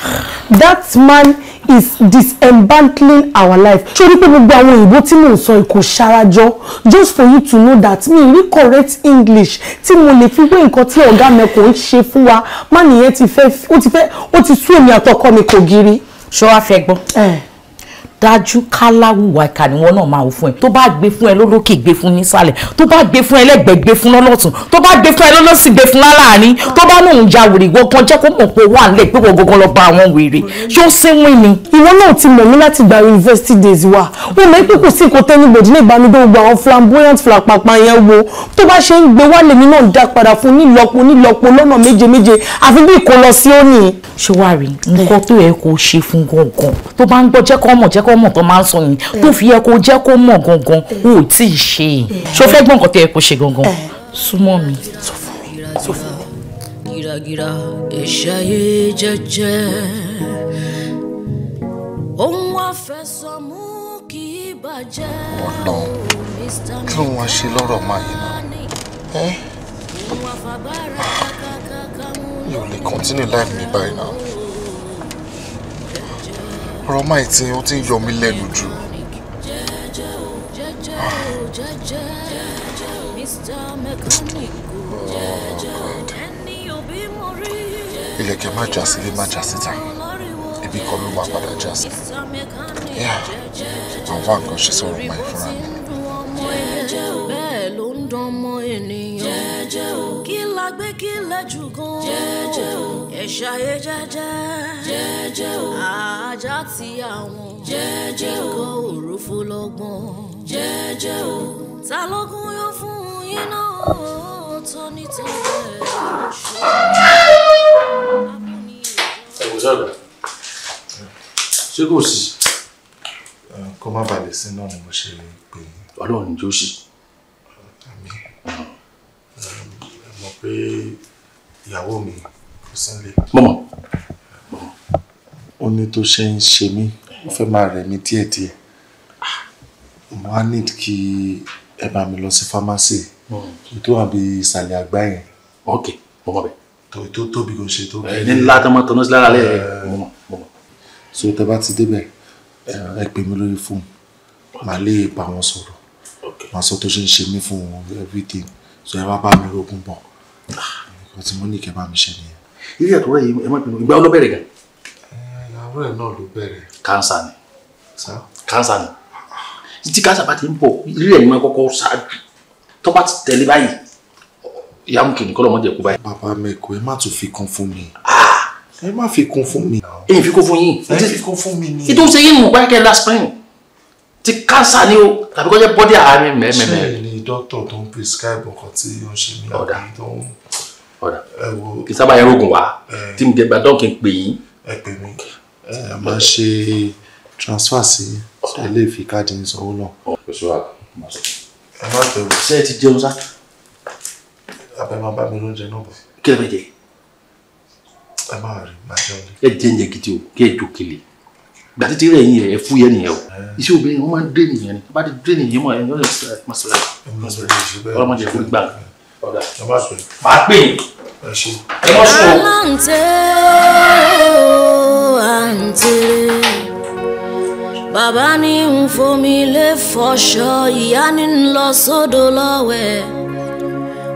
that man is disembantling our life. Show pé gbogbo àwọn òyìnbó tí mò ń sọ kò ṣarajọ just for you to know that me we correct English Timo mo lè fi wé nǹkan tí ọ̀gá mi kò ń ṣe fún wa ti fẹ́ ó ti fẹ́ ó ti sú èmi àtọkọ mi kò giri. Ṣọ́ wá fẹ́ dájú kálá wùwà ni wọn náà máa wò fún ẹ tó bá gbé fún ẹ lólókè gbé fún nísàlẹ̀ tó bá gbé fún ẹ lẹ́gbẹ̀ẹ́ gbé fún lọ́lọ́tún tó bá gbé fún ẹ lọ́lọ́sì gbé fún láàárín tó bá lóun ja wèrè ìwọ kan jẹ́ kó mọ̀ pé wà nílẹ̀ pé wọ́n gangan lọ bá àwọn wèrè ṣé ó sínwìn ni. ìwọ náà ti mọ̀ mí láti gba university days wa wọn mọ̀ pé kò sí nǹkan tẹ́nibọ̀dì lè bá mi dé gbogbo àwọn flamboyant flapapa yẹn wo tó bá ṣe ń gbé wá lèmi náà dá padà fún nílọ́po nílọ́po lọ́nà méje méje kọ́ mọ̀ tó máa ń sọ yẹn tó eh. fi yẹ kó jẹ́ kó mọ̀ gangan eh. eh. o ò tí ṣe é ṣó fẹ́ gbọ́ nǹkan tó yẹ kó ṣe gangan súnmọ́ mi sọ fún mi jẹjẹ ohun àfẹsọ̀mú kì í bàjẹ́ ọ̀dàn kí ló ń wá ṣe lọ́rọ̀ máa yẹn náà mi ò lè continue life me by now ọ̀rọ̀ máa ti ó ti ń yọ mí lẹ́nu jù. Ah, ilẹ̀kẹ̀ má jà sílé má jà síta ibi kan ló máa padà jà sí. àwọn nǹkan ṣe sọ̀rọ̀ máa fúnra mi. bẹ́ẹ̀ ló ń dán mọ́ ènìyàn kí la kí lẹ́jù gan-an ẹ ṣayé e jẹ́jẹ́ jẹ́jẹ́ o ajá ti àwọn jẹ́jẹ́ o kọ òrùfo lọ́gbọ́n jẹ́jẹ́ o ta lọ́gùn yọ fún yín náà tó nítorí ẹ̀ ṣọ́. ẹ kò sábà ṣé kò sí. kó má balẹ̀ sí náà ni mo ṣe pè é. ọlọ́run jó sí. àmín ẹ ìyàwó mi sílé. mọ̀mọ́ ó ní tó ṣe ń ṣe mí ó fẹ́ máa rẹ̀ mí díẹ̀díẹ̀ mo á need kí ẹ bá mi lọ sí pharmacy hmm. ok mọ̀mọ́ bẹ́ẹ̀. tu tó tóbi kò ṣe tó bẹ́ẹ̀. ní ńlá tó máa tọ́nà sí lára lẹ́yìn eh. mọ̀mọ́ mọ̀mọ́. so tẹ bá ti débẹ̀ ẹ pè mí lórí fóònù màá lè bá wọn sọ̀rọ̀ màá sọ tó ṣe ń ṣe mí fún everything so ẹ wá bá mi rogún bọ̀ ah. nǹkan tí mo ní kẹ́ bá mi ilé ẹ̀kọ́ rẹ̀ yìí ẹ má bínú ìgbà ọ ló bẹ̀rẹ̀ gan. Eh, àbúrò ẹ̀ náà ló bẹ̀rẹ̀. kánsà ni kánsà ni títí kánsà bá ti ń bọ̀ ilé ẹ̀ ni máa kọ́kọ́ ṣáájú tó bá ti tẹ̀lé báyìí ìyá mú kìnnìkan lọ́mọ jẹ́ kú báyìí. bàbá mẹ́kọ̀ọ́ ẹ má tún fi kún fún mi ẹ má fi kún fún mi. èyí fi kún fún yín. ẹ fi kún fún mi ni. ètò ìṣe yín mú báyìí last spring ti kánsà ni o tàbí kọ́jẹ́ bọ́dí àárín mẹ́mẹ́mẹ́. ṣé ẹni dókítà tó ń prescribe nǹkan tí ó ń ṣe mí àbí tó ń kì í sábà yẹn rògùn wá tí mo dẹgbà dán kí n pè yín. ẹ pè mí ẹ máa ṣe transfer sí ilé ìfikáàdì ìsanwó náà. ẹ má tẹ̀wé. ṣé ẹ ti jẹun sá. abẹ máa bá mi lóúnjẹ náà bọ̀. kí lè fẹ́ jẹ. ẹ má rí màá jẹun. ẹ jẹ ǹjẹ gidi o kí ẹ jókèlè gbà títí rẹ̀ yín rẹ̀ fú yẹn nìyẹn o iṣẹ́ obìnrin wọn máa ń dé nìyẹn ni bá ti dé nìyẹn mọ̀ ẹ̀ ẹ̀ ẹ̀ mọ̀ sọ̀rọ̀ ọlọ́mọdé kò gbà máa pè é ẹ mọ́ sùn o. àǹtẹ̀ o àǹtẹ̀ bàbá fomi lé fọṣọ ìyá ní ń lọ sódò lọ́wẹ̀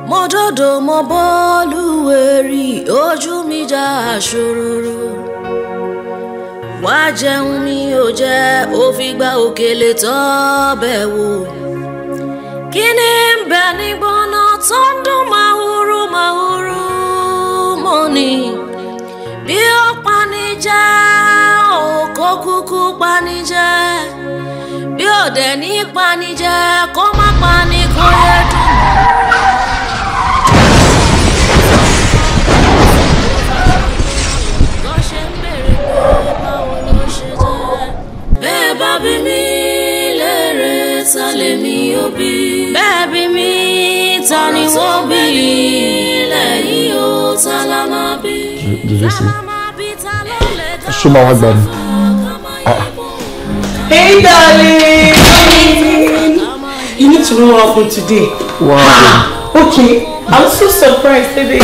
mo dòdò mo bọ́ọ̀lù wẹ̀rì ojú mi já aṣòroro wá jẹun mi ò jẹ ó fi gba òkèlè tọ́ bẹ̀ wò gịnị mbe n'igbo n'ọtọ ndụ mahụrụ mahụrụ moni bi ọkpanije okokuku kpanije bi òde ní ìpanijẹ kó má pani kó yẹ dùn. lọ ṣe ń bèrè pé báwo ló ṣe jẹ. bẹ́ẹ̀ bá bí mi lérè bí ta ni wọ́n bí ilẹ̀ yìí ó ta la máa bí. jẹjẹ sí ṣó máa wá gbà mí. hey darling you need to know what up today. wow. Ah, okay. I'm so surprised baby.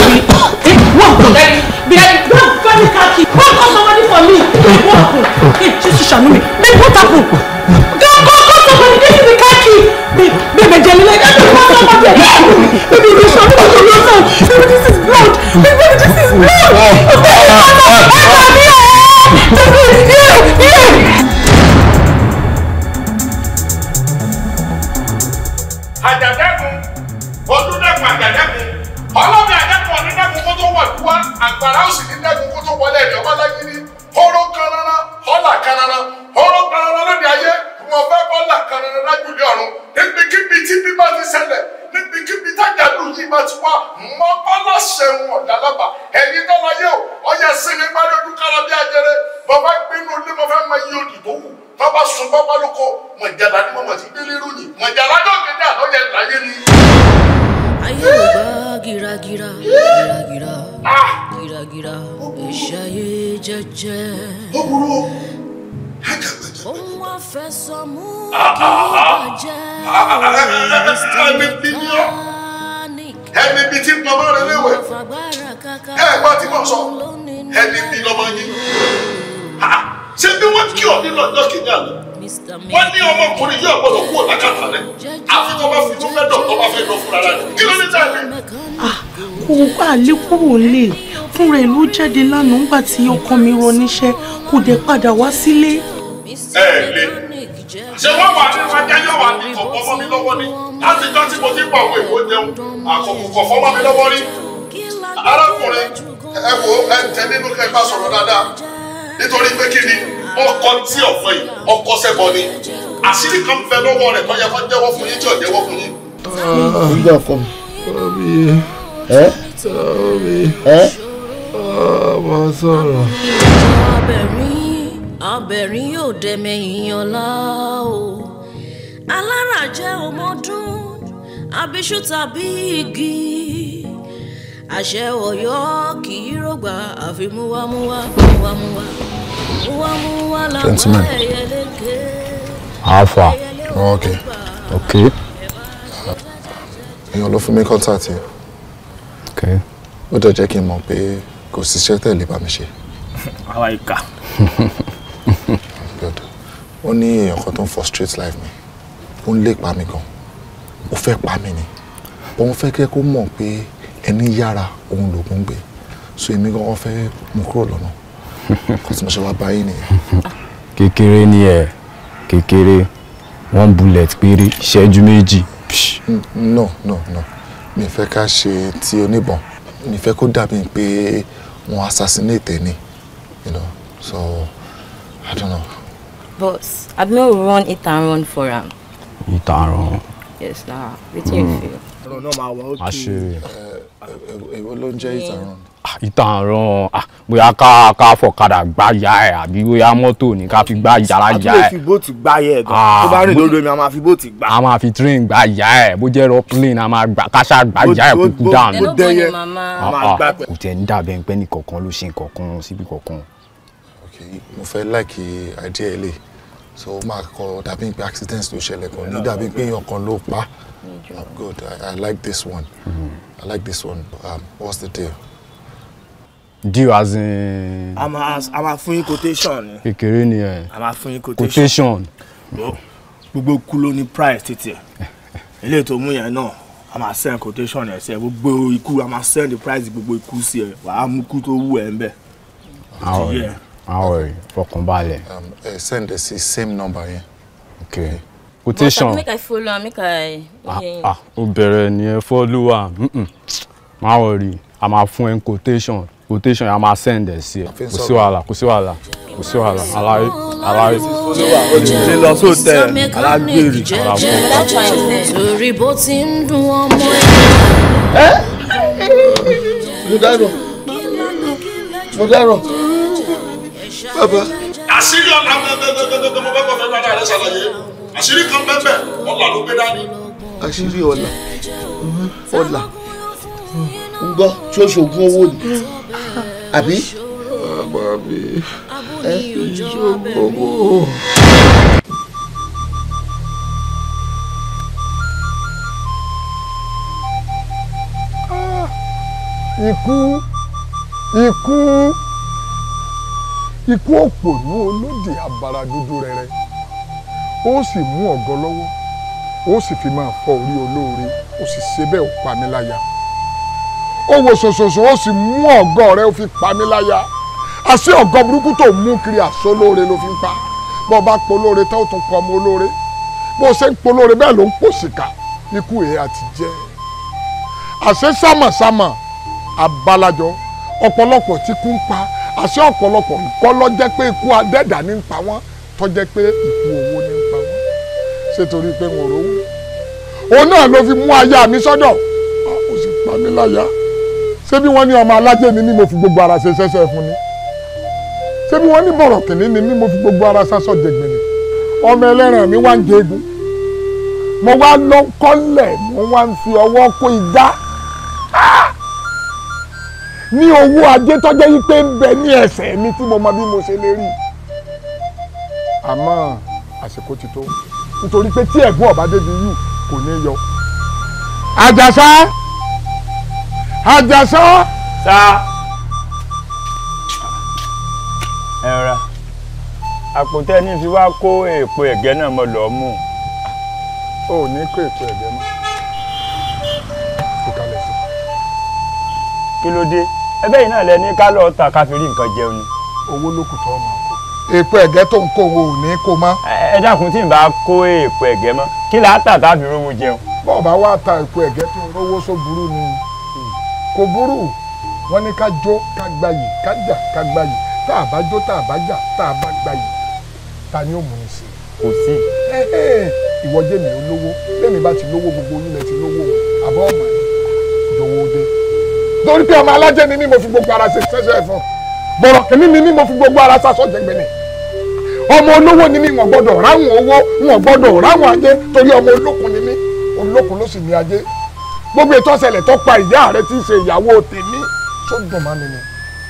Hey, walk on. Behind, grab, grab the car somebody for me. Walk on. Hey, Jesus, Shanumi. Hey, what happened? Baby, Jelly, like, I don't want to Baby, you. Baby, you should not do this. Baby, this is blood. Baby, this is blood. Oh, my oh, oh, God. Oh, yeah, yeah. Àjàdẹ́kun, Olúdẹ́kun Àjàdẹ́kun, ọlọ́dẹ Àjàdẹ́kun ọ̀nìdẹ́kun kó tó wọ̀ lúwa, àgbàrá òsì nídẹ́kun kó tó wọlé ẹ̀dẹ̀ ọ̀bá láyé. ibikíbi tí bí bá ti ṣẹlẹ̀ níbikíbi tájàlú yìí bá ti wá mọ bọ́lá ṣẹ̀wọ̀n ọ̀dàlábà ẹ̀yin dọ́là yóò ọyẹ sinmi parí ojú bí ajẹrẹ bàbá gbinú ilé mo fẹ́ mọ iye òdì tó wù bàbá sùn bàbá lóko mọ̀jàlá ni mo mọ̀ sí délé ròyìn mọ̀jàlá dọ̀gẹ̀ ní àlọ́yẹ láyé ni. ayé ò bá gírágírá gírágírá ah! gírágírá ìṣayé jẹ́jẹ́. ó burú ó ohun àfẹsọ mú kí bàjẹ́ ẹni bí tí mọ̀mọ́ rẹ léwẹ̀ ẹ gbọ́ tí mo sọ ẹni bí lọ́mọ yín ṣé bí wọ́n kí ọ nínú ọjọ́ kìíní àná wọ́n ní ọmọkùnrin yóò gbọ́dọ̀ kú ọ̀làkàtà rẹ̀ àfi tó bá fi tún fẹ́ dọ̀ tó bá fẹ́ lọ fúnra rẹ̀ kí ló ní táyà kó wá lé kúrò lè fúnra ẹ̀ ló jáde lánàá nígbà tí ọkọ mi rọ níṣẹ́ kò dé padà wá sílé ẹ lè ṣé wọ́n wà nínú ẹgbẹ́ yóò wà ní kọ̀ọ̀kan fọ́ mi lọ́wọ́ ni láti gbọ́ tí mo ti pọ̀ wé ìwé jẹun àkọ́kọ́ fọ́ mọ́ mi lọ́wọ́ rí arákùnrin ẹ wo ẹ tẹ nínú kẹ bá sọ̀rọ̀ dáadáa nítorí pé kí ni ọkọ tí ọ̀fọ̀ yìí ọkọ sẹ́bọ ni àṣírí kan fẹ́ lọ́wọ́ rẹ̀ tó yẹ kó jẹ́wọ́ fún yín tí ò jẹ́wọ́ fún yín. ọjà kọ mi ẹ ẹ ẹ ọmọ sọ̀rọ̀ abẹ̀rín yóò dẹ̀mẹ̀yìn ọ̀la o alára jẹ́ ọmọdún abiṣu tàbí igi àṣẹ ọ̀yọ́ kì í rògbà àfi múwámúwá múwámúwá múwámúwá làwọn ẹyẹ lékè. alpha ok ok. èèyàn ló fún mi contact yìí. ok. ó dẹ̀ jẹ́ kí n mọ̀ pé kò sí iṣẹ́ tẹ̀lé bá mi ṣe. [LAUGHS] ó ní èèyàn kan tó ń frustrate life mi ó ń lè pa mí gan ó fẹ́ pa mí ni òun fẹ́ kẹ́ kó mọ̀ pé ẹni yára òun lògùn gbé so èmi gan wọ́n fẹ́ mú kúrò lọ́nà kò tí mo ṣe wá báyìí nìyẹn. kékeré ni ẹ kékeré one bullet péré ìṣẹ́jú méjì. Mm, no no no mi fẹ́ ká ṣe ti oníbọn mi fẹ́ kó dàbí pé wọ́n assassinate ẹ ni you know so i don't know. Boss, Admiral will run it and run for am. It and run? Yes, now. Wetin you mm. feel? No, no, ma wa okay. Àṣé. Èwo eh, eh, eh, ló ń jẹ́ it and run? Ah, it and run. Ah, bóyá ká ká fọ̀kadà gbáyà ẹ̀ àbí bóyá mọ́tò ní ká fi gbá yàrá I ẹ̀. A tún lè fi bóòtù gbá yẹ Ah, gan. Tó bá rìn I'm omi, a máa fi bóòtù gbá. A máa fi train gbá yà ẹ̀. Bó jẹ́ aeroplane, a máa gbà káṣá gbá yà ẹ̀ kúkú dànù. Ó dẹ́yẹ. Ah, Kò tiẹ̀ ń dàbẹ̀ ń pẹ́ ní kọ̀ọ̀kan ló ṣe nǹkan kan síbi kọ̀ọ̀kan. Mo fẹ́ láìkí àìdíẹ̀ lè so ó máa kọ dàbí pé accident ló ṣẹlẹ̀ kan ní dàbí pé èèyàn kan ló pa i'm good I, i like this one mm -hmm. i like this one um, what's the deal. deal as in. a máa a máa fún yín quotation. kékeré ni ẹ a fún yín quotation. gbogbo kú ló ní price títì [LAUGHS] ilé tó mú yẹn náà a máa send quotation ẹ sí ẹ gbogbo ikú a máa send the price gbogbo ikú sí ẹ wàá mú kú tó wù ẹ ń bẹ. àwọn ọ̀rẹ́ àwọn ọ̀rẹ́ fọkànbalẹ̀. Um, eh, send the same number yẹn. okay. quotation. make i follow make i. Ah, ah o bẹ̀rẹ̀ ni ẹ follow am má worry a máa fún ẹ quotation quotation a máa send ẹ sí ẹ kò sí wàhálà kò sí wàhálà kò sí wàhálà aláì aláì. olùdíje lọ sóòtẹ alágbèrè alábọ. torí bó ti ń dùn ọmọ ẹ. mo dárò mo dárò bàbá. àṣírí ọ̀nà bẹ́ẹ̀bẹ́ẹ̀bẹ́ẹ̀bẹ́ mo fẹ́ kọ́ fẹ́ padà rẹ ṣàlàyé àṣírí kan bẹ́ẹ̀ ọ̀là ló gbé dání. àṣírí ọ̀là ọ̀là ń gbọ́ tí ó ṣògùn owó ni àbí. bàbá mi ìṣògùn owó. ikú ikú ikú òpònú olódì abara dúdú rẹrẹ ó sì mú ọ̀gọ́ lọ́wọ́ ó sì fi máa fọ orí olóore ó sì ṣe bẹ́ẹ̀ ó pa mí láya ó wo ṣoṣoṣo ó sì mú ọ̀gọ́ rẹ ó fi pa mí láya àṣé ọ̀gọ́ burúkú tó mú kiri àṣọ olóore ló fi ń pa bó o bá polóore tó tún pọ̀ ọmọ olóore bó o ṣe ń polóore bẹ́ẹ̀ ló ń pòṣìkà ikú èé àti jẹ́ àṣé sámàsámà abalajọ ọ̀pọ̀lọpọ̀ tí kú ń pa àṣé ọ̀pọ̀lọpọ̀ nǹkan ló jẹ́ pé ikú adẹ́dà ní ń pa wọ́n tó jẹ́ pé ikú owó ní ń pa wọ́n ṣé torí pé mo rówó òun náà ló fi mú aya mi sọ́dọ̀ ó sì pa mí láyà ṣé bí wọ́n ní ọmọ alájẹ́ ni mí mo fi gbogbo ara ṣe ṣẹ́ṣẹ́ fún ni ṣé bí wọ́n ní bọ̀rọ̀ kìnní ni mí mo fi gbogbo ara sásọ jẹgbẹ̀rẹ̀ ọmọ ẹlẹ́ran mi wá ń jẹ egun mo wá lọ́kọ́lẹ̀ mo wá ń fi ọwọ́ kó idá ní owó ajé tọ́jẹ́ yí pé ń bẹ ní ẹsẹ̀ mi tí mo mọ bí mo ṣe lè rí àmọ́ àsìkò ti tó nítorí pé tí ẹ̀gbọ́n ọ̀bá débi yìí kò ní yọ. àjàsá àjàsá. sá ẹ rà àpótẹ́ ní fi wá kó èèpo ẹ̀gẹ́ náà mo lọ́ọ́ mú. o ò ní kó èèpo ẹ̀gẹ́ mọ́. kí ló dé ẹbẹ́ yìí náà lẹ ní ká lọ́ọ́ ta ká fi rí nǹkan jẹun ni. owó ló kù tó ọmọ kó. èpo ẹ̀gẹ́ tó ń kó owó ò ní kó mọ́. ẹ dákun tí n bá kó èpo ẹ̀gẹ́ mọ́ kí là á tà tá a fi rówó jẹun. bọ́ọ̀ bá wá ta èpo ẹ̀gẹ́ tó ń rówó só burú ni kò burú wọn ní ká jó ká gbayì ká jà ká gbayì tá a bá jó tá a bá jà tá a bá gbayì ta ni ó mú un sí. kò sí. ìwọ jẹ́ mi olówó lẹ́mi bá ti lówó gbogbo onílẹ̀ ti lówó àbọ̀ ọ̀mọ̀ torí pé ọmọ alájẹni ni mo fi gbogbo ara ṣe sẹ́sọ ẹ̀fọn bọ̀rọ̀ kìíní mi ni mo fi gbogbo ara sasọ jẹgbẹ̀nẹ̀ ọmọ olówó ni mi wọ́n gbọ́dọ̀ ráwọn owó wọ́n gbọ́dọ̀ ráwọn ajé torí ọmọ olókun ni mí olókun ló sì ní ajé gbogbo ètò ọ̀sẹ̀lẹ̀ tó pa ìyá rẹ tí í ṣe ìyàwó tèmi tó dùn má mi ni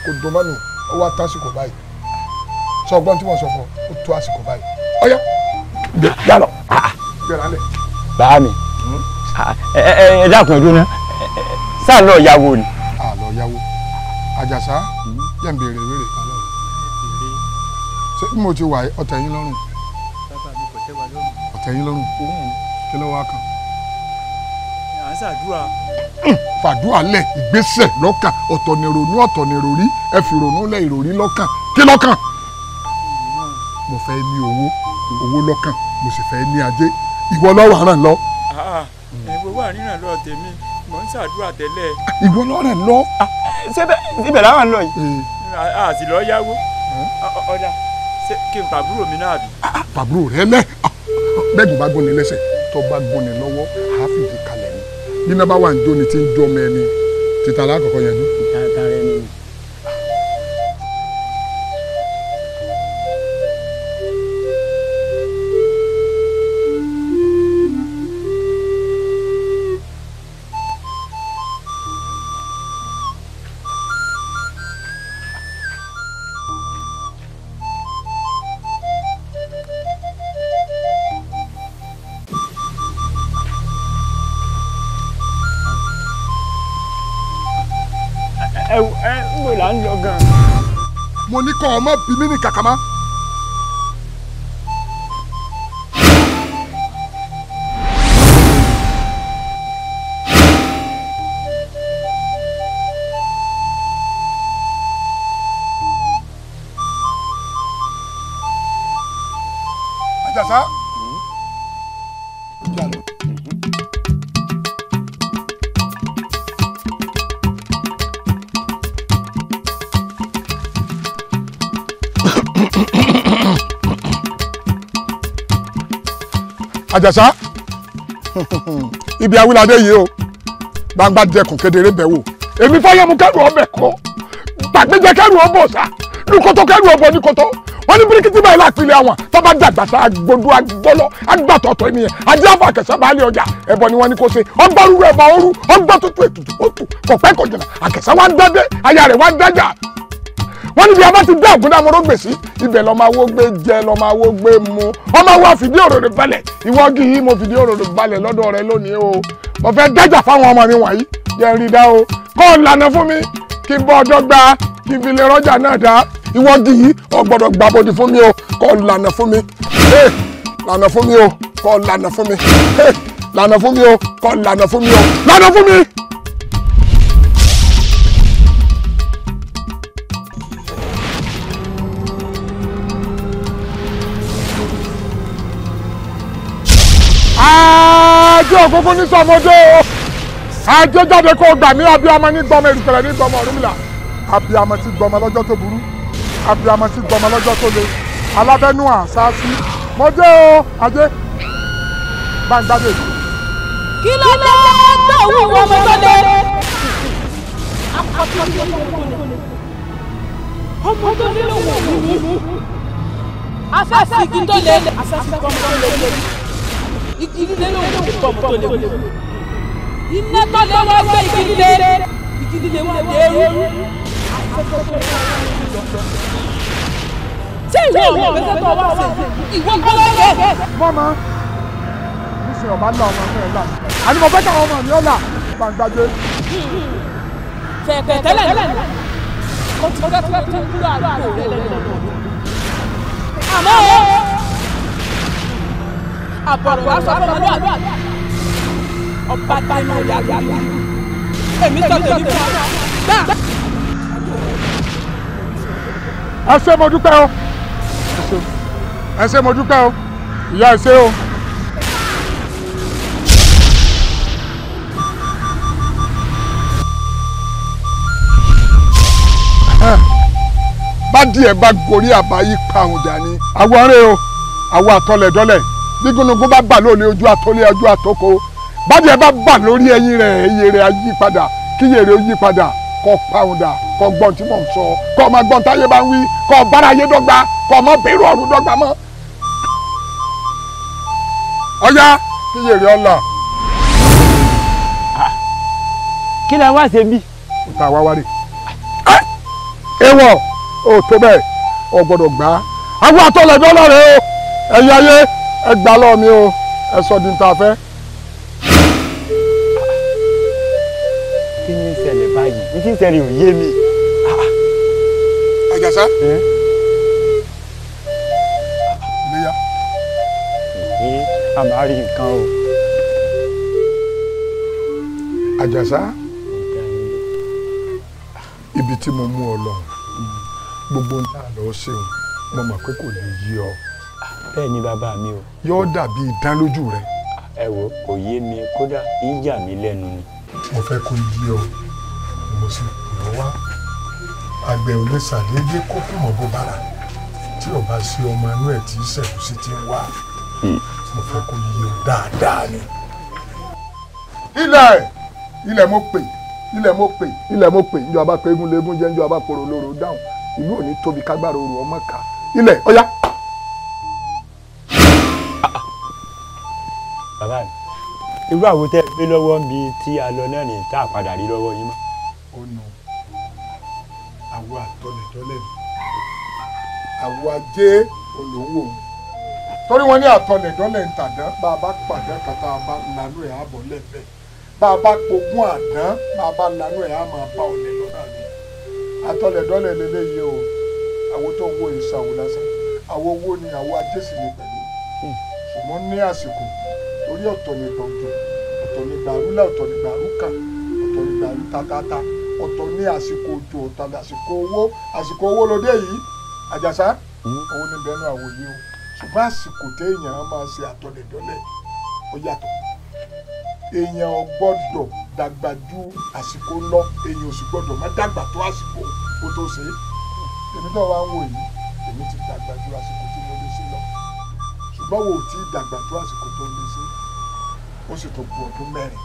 kò dùn má mi ó wá tásìkò báyìí sọ ọgbọ́n tí mo sọ fún ọ ó tó àsìkò báyìí ọyá yálọ ah, ah. gbẹ̀rálẹ̀. bàá mi hmm? ah, ẹ ẹ ẹ dákun ẹ dúró náà sáà lọ ìyàwó ni yáwó àjàsá hmm. jẹ́ ń béèrè ìwé rẹ̀ kan lọ́rùn ṣé bí mo ti wà ọ̀tẹ̀ yín lọ́rùn ọ̀tẹ̀ yín lọ́rùn hmm. kí ló wá kàn. à ń ṣàdúrà. [CLEARS THROAT] fàdúrà lẹ̀ ìgbésẹ̀ lọ́kàn ọ̀tọ̀ ni ronú ọ̀tọ̀ ni ròrí ẹ fi ronú lẹ̀ ìròrí lọ́kàn kí lọ́kàn. mo fẹ́ ní owó owó lọ́kàn mo sì fẹ́ ní ajé ìwọ lọ́rọ̀ àràn lọ. Ah, ah. ẹ̀ gbogbo àríyàn lọ tèmi mo ń ṣàdúrà tẹ́lẹ̀. ìwọ náà rẹ̀ lọ. síbẹ̀ ah. láwọn ń lọ yìí. Hmm. a sì lọ yáwó hmm. ọ̀dà kí n pàbúrò mi náà bí. Ah, ah, pàbúrò rẹ lẹ bẹẹgùn bá gbóni lẹ́sẹ̀ tó bá gbóni lọ́wọ́ àáfíìdì kalẹ̀ ni bí náà bá wà ń jó ni ti ń jó ọmọ ẹni títà alákọ̀ọ́kọ́ yẹn dún. ẹ ẹ ń bò là ń lọ gan. mo ní kọ́ ọ mọ́ bí mímì kàkàmá. àjàṣá ibi awilade yìí o gbangba dẹkùn kedere bẹ̀ wò èmi fáyemú kẹrù ọbẹ̀ kọ́ gbàgbẹ́jẹ kẹrù ọbọ̀ sá lukoto kẹrù ọbọ̀ ní koto wọ́n ní bíríkìtì báyìí láàpìlẹ̀ àwọn tó bá dàgbà sá agbodò agbọ́lọ́ agbàtọ̀tọ̀ ènìyàn ajé àfàkẹ́sẹ́ bá lé ọjà ẹ̀bọ ni wọ́n ní kó ṣe ọgbọ́rú ẹ̀bọ ooru ọgbọ́ tuntun ètùtù ó tù kọ̀pẹ́ kọ̀jìnà àkẹ́sẹ́ wa ń dẹ́dẹ́ aya rẹ̀ wa ń dẹ́jà wọ́n níbi abá ti dá ògúndà mo rógbè sí ibẹ̀ lọ́mọ awó gbé jẹ lọ́mọ awó gbé mu ọmọ wa fìdí òròrò balẹ̀ ìwọ́gi yìí mo fìdí òròrò balẹ̀ lọ́dọ̀ rẹ lónìí o mo fẹ́ dájà fáwọn ọmọ mi wọ̀nyí yẹn rí dá o kọ́ ọ lànà fún mi kí n bọ́ ọjọ́ gba kí n fi lè rọ́jà náà dá ìwọ́gi yìí o gbọ́dọ̀ gbàbọ̀dì fún mi o kọ́ lànà fún mi lànà fún mi o kọ́ lànà fún mi lànà fún mi o kọ́ lànà fún mi o lànà fún mi. àjọ òfófó ní sọmọdé o àjọ jáde kó o gbà mí abiyamọ ní gbọmọ èrùpẹ̀lẹ̀ ní gbọmọ ọ̀rúnmìlà abiyamọ ti gbọmọ lọ́jọ́ tó burú abiyamọ ti gbọmọ lọ́jọ́ tó le alábẹ́nú àṣáṣí mọdé o ajé gbàǹgbàdé. kí ló dé tó wù wọ́n mo tó lé. ọmọ tó lé ló wọ̀ mí mú. afẹ́fẹ́ igi tó lé afẹ́fẹ́ kọ́ńtọ́ lé lé ìdílé ló ń kó ọmọ tó léwu iná tó lé wọ́n gbé ìdílé ìdílé wọ́n dé eru ṣé ìwọ ọmọ ọ̀gbẹ́sẹ̀ tó wá ṣe ìwọ gbọ́dọ̀ yẹ. mọ́mọ́ mi ṣe ọ̀bá ńlá ọmọ mi ẹ̀ àní mo fẹ́ kí àwọn ọmọ mi ó là gbàǹgbàgbé. fẹ̀ẹ̀fẹ̀ tẹ́lẹ̀ náà kọ́tùkọ́tù kúrò àdúgbò rẹ̀ lẹ́nu àmọ́ àbọ̀rọ̀ wá sọ fún ọmọlúwàbí ọba tẹnu ọ̀yà yàrá èmi sọ tèmi fún ọ bẹ́ẹ̀. ẹ ṣé mo dúpẹ́ o ẹ ṣé mo dúpẹ́ o ìyá ẹ ṣé o. bá díẹ̀ bá gorí àbáyé pa àwùjá ni àwọn aré o àwọn àtọlẹ̀dọ́lẹ̀ bí gúnugún bá bà lóòlì ojú àtọ́lé ojú àtọ́kọ bàdìẹ bá bà lórí ẹyin rẹ iye rẹ yí padà kí iye rẹ yí padà kọ pàwùdà kọ gbọ́n tí mò ń sọ kọ ọmọ gbọ́n táyé bá ń wí kọ bárayé dọ́gba kọ ọmọ bẹ̀rù ọ̀run dọ́gba mọ́. ọ̀yá kí iye rẹ ọ̀la. Ah, kí ni a wá ṣe bí. o ta wá wárẹ̀. ewọ o tó bẹ́ẹ̀ o gbọ́dọ̀ gbà á. àwọn àtọ̀lẹ̀dọ́lọ́rẹ̀ o ẹ̀yin ayé ẹ gbà lọ́ọ̀ mi o ẹ sọ di ta fẹ́. kí ni ìṣẹ̀lẹ̀ báyìí ní kí ìṣẹ̀lẹ̀ ò yé mi. àjàsá léyà. a máa rí nǹkan o. àjàsá ibi tí mo mú ọ lọ gbogbo ń tà lọ ṣeun mo mọ̀ pé kò lè yí ọ bẹ́ẹ̀ ni bàbá mi o. yóò dàbí idán lójú rẹ. ẹ wo kò yé mi kódà ìjà mi lẹ́nu ni. mo fẹ́ kó ilé o mo sì pè ọ́ wá àgbẹ̀ olóṣàlélẹ́ kó fún ọ̀bọ bàrà tí ọba sí ọmọ inú ẹ̀ tí ìṣẹ̀lú sí ti ń wá hmm. mo fẹ́ kó yé o dáadáa ni. ilẹ̀ ilẹ̀ mo pè ilẹ̀ mo pè ilẹ̀ mo pè njọba pé egun jẹ́ njọba poro dáhùn ìlú òní tóbi kágbára oru ọmọ ká ilẹ̀ ọ̀yá. bàbá mi irú àwo tẹ́ gbé lọ́wọ́ mi tí a lọ náà nìyí tá a padà rí lọ́wọ́ yín mọ́. ó nu àwo àtọlẹ̀tọlẹ̀ mi àwo ajé olówó torí wọn ní àtọlẹ̀dọ́lẹ̀ ń tàdán bá a bá pàdé kàtà bá lanú ẹ̀ àbọ̀ lẹ́fẹ̀ẹ́ bá a bá pogún àdán bá a bá lanú ẹ̀ á máa bá ọ̀lẹ̀ lọ́nà ni àtọlẹ̀dọ́lẹ̀ lélẹ́yìí o àwo tó ìṣàwò lásán àwo owó ni àwo ajé sì ní pẹ̀lú hmm. ṣùgbọ́n ní àsìkò torí ọ̀tọ̀ ni gbọ̀ngàn ọ̀tọ̀ ni gbàrúlẹ̀ ọ̀tọ̀ ni gbàrúkàn ọ̀tọ̀ ni gbàrú tatata ọ̀tọ̀ ni àsìkò òjò ọ̀tọ̀ àsìkò owó àsìkò owó lóde yìí àjàsá òun hmm? ni bẹnu àwòye o ṣùgbọ́n àsìkò téèyàn máa ṣe àtọ̀lẹ̀dọ́lẹ̀ ó yàtọ̀ èèyàn ò gbọ́dọ̀ dàgbà ju àsìkò lọ èèyàn ò sì gbọ́dọ̀ má dàgbà tó àsìkò kó tó ṣe é èmi náà wá ń wò yìí èmi ti dàgbà ju àsìkò tí mo lè ṣe lọ ṣùgbọ́n wo ò tí ì dàgbà tó àsìkò tó lè ṣe ó sì tó ku ọdún mẹ́rin.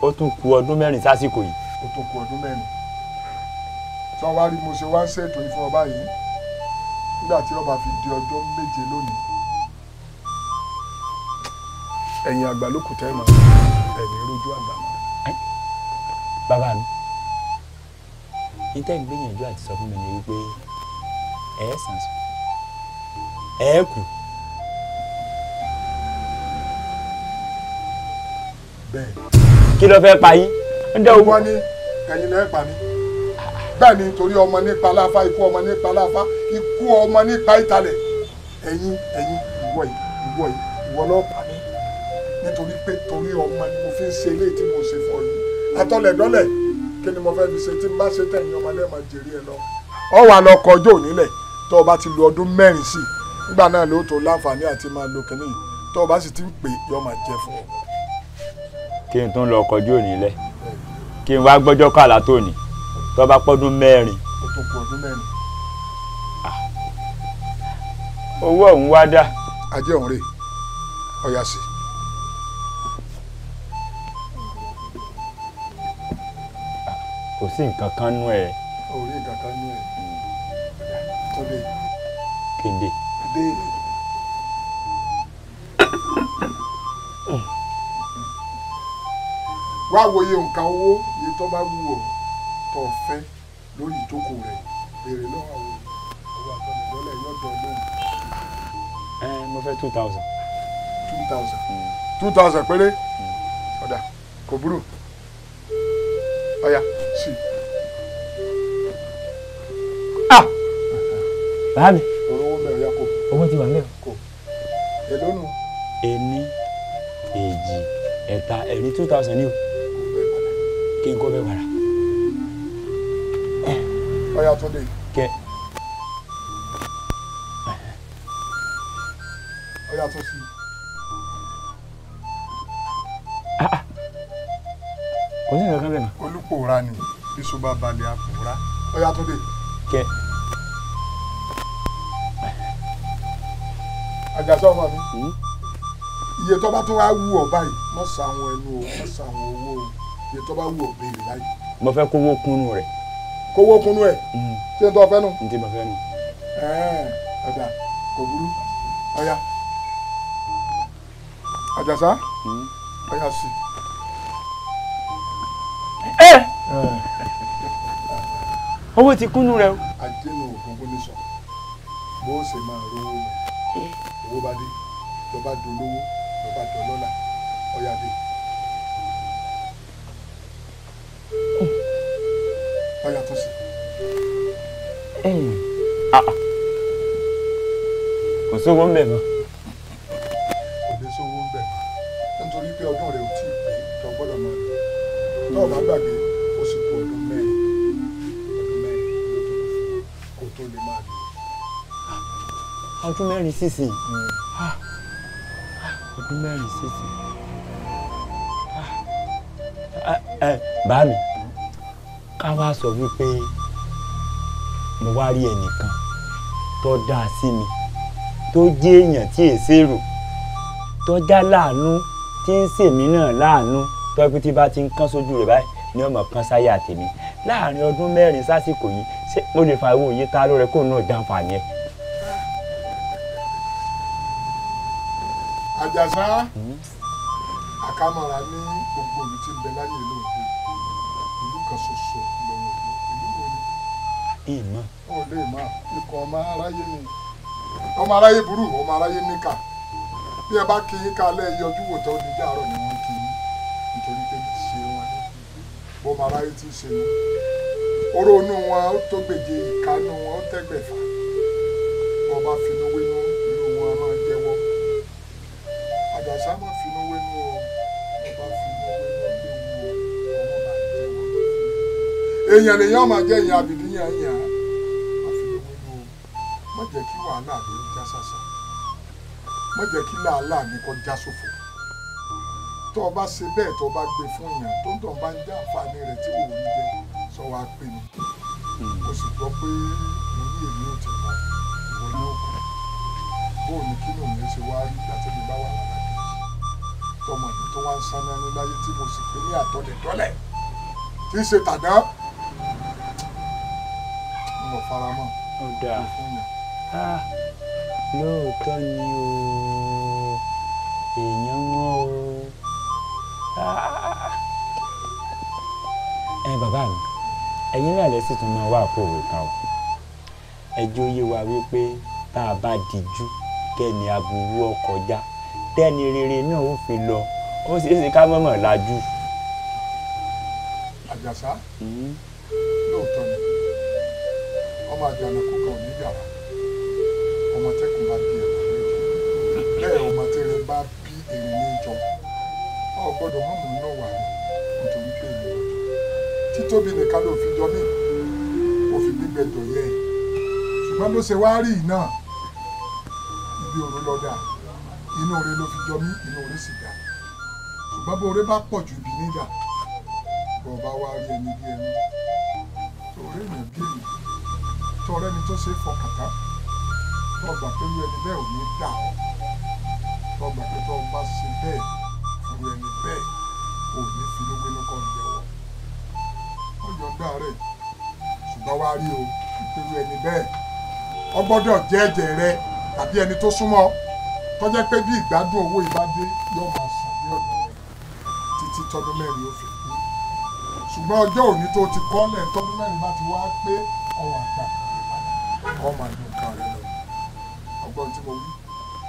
ó tún ku ọdún mẹ́rin sásìkò yìí. ó tún ku ọdún mẹ́rin. tí wọ́n wá rí mo ṣe wá ń ṣètò ìfún ọba yìí nígbà tí ọba fi di ọjọ́ méje lónìí. ẹ̀yin àgbà ló kù tẹ́ẹ̀mọ́ ẹ̀yin rojú àgbà mọ́. bàbá mi ní tẹ́ ń gbìyànjú àti sọ fún mi ni wípé ẹ̀ẹ́sàn ẹ kù. bẹ́ẹ̀. kí ló fẹ́ pa yín. wọ́n ní ẹ̀yin náà pa mí bẹ́ẹ̀ ni torí ọmọ nípa láfa ikú ọmọ nípa láfa ikú ọmọ nípa ìtàlẹ̀ ẹ̀yin ẹ̀yin ìwọ yìí ìwọ yìí ìwọ lọ́ọ́ pa mí nítorí pé torí ọmọ ni mo fi ń ṣe eléyìí mo se fọ yìí atọ́lẹ̀dọ́lẹ̀ kí ni mo fẹ́ fi ṣe tí n bá ṣe tẹ̀yìn ọmọ lẹ́ẹ̀mọ jèrè ẹ lọ. ọ wà lọ kọjọ nílẹ̀ tó o bá ti lo ọdún mẹ́rin sí i nígbà náà ló tó láǹfààní àti lo kínní yìí tó o bá ti ń pè yọ máa jẹ fún kí n tún lọ kọjú òní lẹ kí n wá gbọ́jọ́ kàlà tóní tó bá pọ́dún mẹ́rin. ó tó kù ọdún mẹ́rin. owó ọ̀hún wá dá. ajé òun rè ọ̀yà sí kò sí nǹkan kan nú ẹ. orí nǹkan kan nú ẹ. tó kéde. wá wòye nǹkan owó iye tó bá wù ọ́ tó fẹ́ lórí ìjókòó rẹ̀ béèrè lọ́wọ́ àwọn owó àtọ̀nàdọ́lẹ̀ yóò dán lóhùn. ẹ mo fẹ́ two thousand. two thousand two thousand péré ọ̀dà kò burú ọ̀yà sí. bàá mi. olówó mẹ́rin yá kò. owó ti wà mẹ́rin. kò èló nù. ẹni èjì ẹ̀ta ẹ̀rin two thousand ni o kí n kó bẹ́ẹ̀ wàrà. ọ̀yà tó dé. kẹ. ọ̀yà tó sí. Ah, ah. kò sí nǹkan kan bẹ́ẹ̀ mọ́. olùpòórá ni bísú bá balẹ̀ àpòórá ọ̀yà tó dé. kẹ. àgàsọ ọmọ mi hmm? iye tó bá tó wá wú ọ báyìí mọ̀ sàwọn ẹnu o mọ̀ sàwọn owó o ṣe tó bá wù ọ béèrè láyé. mo fẹ́ kówó kúnnú rẹ̀. kówó kúnnú ẹ̀ mm. ṣé n tọ́ fẹ́ nù. n ti mọ̀ fẹ́ nù. ọ̀dà kò burú ọ̀yà àjàsá ọ̀yà sí. owó ti kúnnú rẹ o. àjẹnù ògùn kò ní sọ bó ṣe máa rówó yẹn eh. owó bá dé lọ́ba dolówó lọ́ba dọlọ́lá ọ̀yà dé. yàtọ̀ sí. Ah, ah. kò sówó ń bẹ̀ mọ́. kò lè sówó ń bẹ̀ mọ́ nítorí pé ọdún rẹ̀ ò tí ì pé tó gbọ́dọ̀ mọ́ tó o bá gbàgbé ó sì kú ọdún mẹ́rin ọdún mẹ́rin ló ah, ọdún mẹ́rin sísè ọdún mẹ́rin sísè eh, bá mi wá sọ wípé mo wá rí ẹnìkan tó dáa sí mi tó jẹ́ èèyàn tí èsè rò tó já láàánú tí ń ṣèmí náà láàánú tọ́pẹ́ tí bá ti ń kán sójú rẹ̀ báyìí ni ọmọ kan sáyà tèmi láàrin ọdún mẹ́rin sásìkò yìí ṣé mo lè fa owó yìí ta ló rẹ kó náà jàǹfààní ẹ. àjàsá hmm? àkàmọ̀ra ní gbogbo ibi bẹ láyé lóògùn ìmọ̀. ó lè má ikọ̀ ọmọ aráyé ni ọmọ aráyé burú ọmọ aráyé níkà bí ẹ bá kí yín kalẹ̀ yọjú wò tó níjà àárọ̀ ni wọ́n kí yín nítorí pé kì í ṣe wọn ní bọ́mọ aráyé ti ṣe wọn oró inú wọn ó tó gbèjè ìkánú wọn ó tẹ́gbẹ̀fà bọ́ bá finú wínú inú wọn máa jẹ́wọ́ àjàṣá máa finú wínú o bọ́ bá finú máa jẹ́ èèyàn abìd yíyáyá àfihàn o má jẹ́ kí wàhálà mi já sàṣà má jẹ́ kí làálà mi kọ́ já ṣòfò tó o bá ṣe bẹ́ẹ̀ tó o bá gbé fún yàn tó ń tàn bá ń já àǹfààní rẹ̀ tí wò ó ń jẹ sọ wá pé ni hmm. mo sì gbọ́ pé mo ní èmi ò tẹ̀ wá ìwọ ni ó kù bóun ni kí ni òun ṣe wá rí gbà mi bá wà lára kejì tọmọ mi tó wá ń sáná ní tí mo sì pé ní àtọ̀lẹ̀dọ́lẹ̀ tí ń ṣe tàdán mo fara mọ́ ọ dáa ah, lóòótọ́ ni o èèyàn wọn o ah. ẹ bàbá mi ẹ̀yin náà lẹ́sìn tún máa wá àpòwé kan o ẹjọ́ yé wa wípé tá a bá dijú kẹ́ni aburú ọkọjá tẹ́ni rere náà ó fi lọ ó ṣeé ṣe ká mọ̀mọ́ lajú. àjàsá hmm. lóòótọ́ ni bá di ẹranko kan ní yàrá ọmọ tẹkùn bá bí ẹwà lójú bẹ́ẹ̀ ọmọ tẹrẹ bá bí èrè ní jọ ọ gbọ́dọ̀ mọmọ náà wà ní nítorí pé èmi lọ́jọ́ títóbi nìkan ló fi jọ mí ó fi gbígbẹ dọyẹ ṣùgbọ́n ló ṣe wá rí náà ibi òru lọdà inú òre ló fi jọ mí inú òre sì dá ṣùgbọ́n bó òre bá pọ̀ ju ibi nígbà bọ̀ bá rí ẹni bí ẹni tó ọ̀rẹ́ ni tó ṣe é fọkàn tán tó ọgbà pé irú ẹni bẹ́ẹ̀ ò ní dà ọ́ tó ọgbà pé tó ọba ṣe bẹ́ẹ̀ irú ẹni bẹ́ẹ̀ ò ní finú wínú kọ́ ìyẹ̀wọ̀ ọjọ́ ń dá ṣùgbọ́n wá rí o irú ẹni bẹ́ẹ̀ ọ gbọ́dọ̀ jẹ́ ẹ̀jẹ̀ rẹ tàbí ẹni tó súnmọ́ tó pé bí ìgbádùn owó ìbádé yóò máa sàn ní ọ̀dọ̀ rẹ títí tọdún mẹ́rin ó fi kú ṣùgbọ́n ọjọ́ òní tó ti kọ́ lẹ̀ tọdún mẹ́rin bá ti wá pé ọ̀rọ̀ àgbà ọ máa ju nǹkan rẹ lọ ọgbọ́n tí mo wí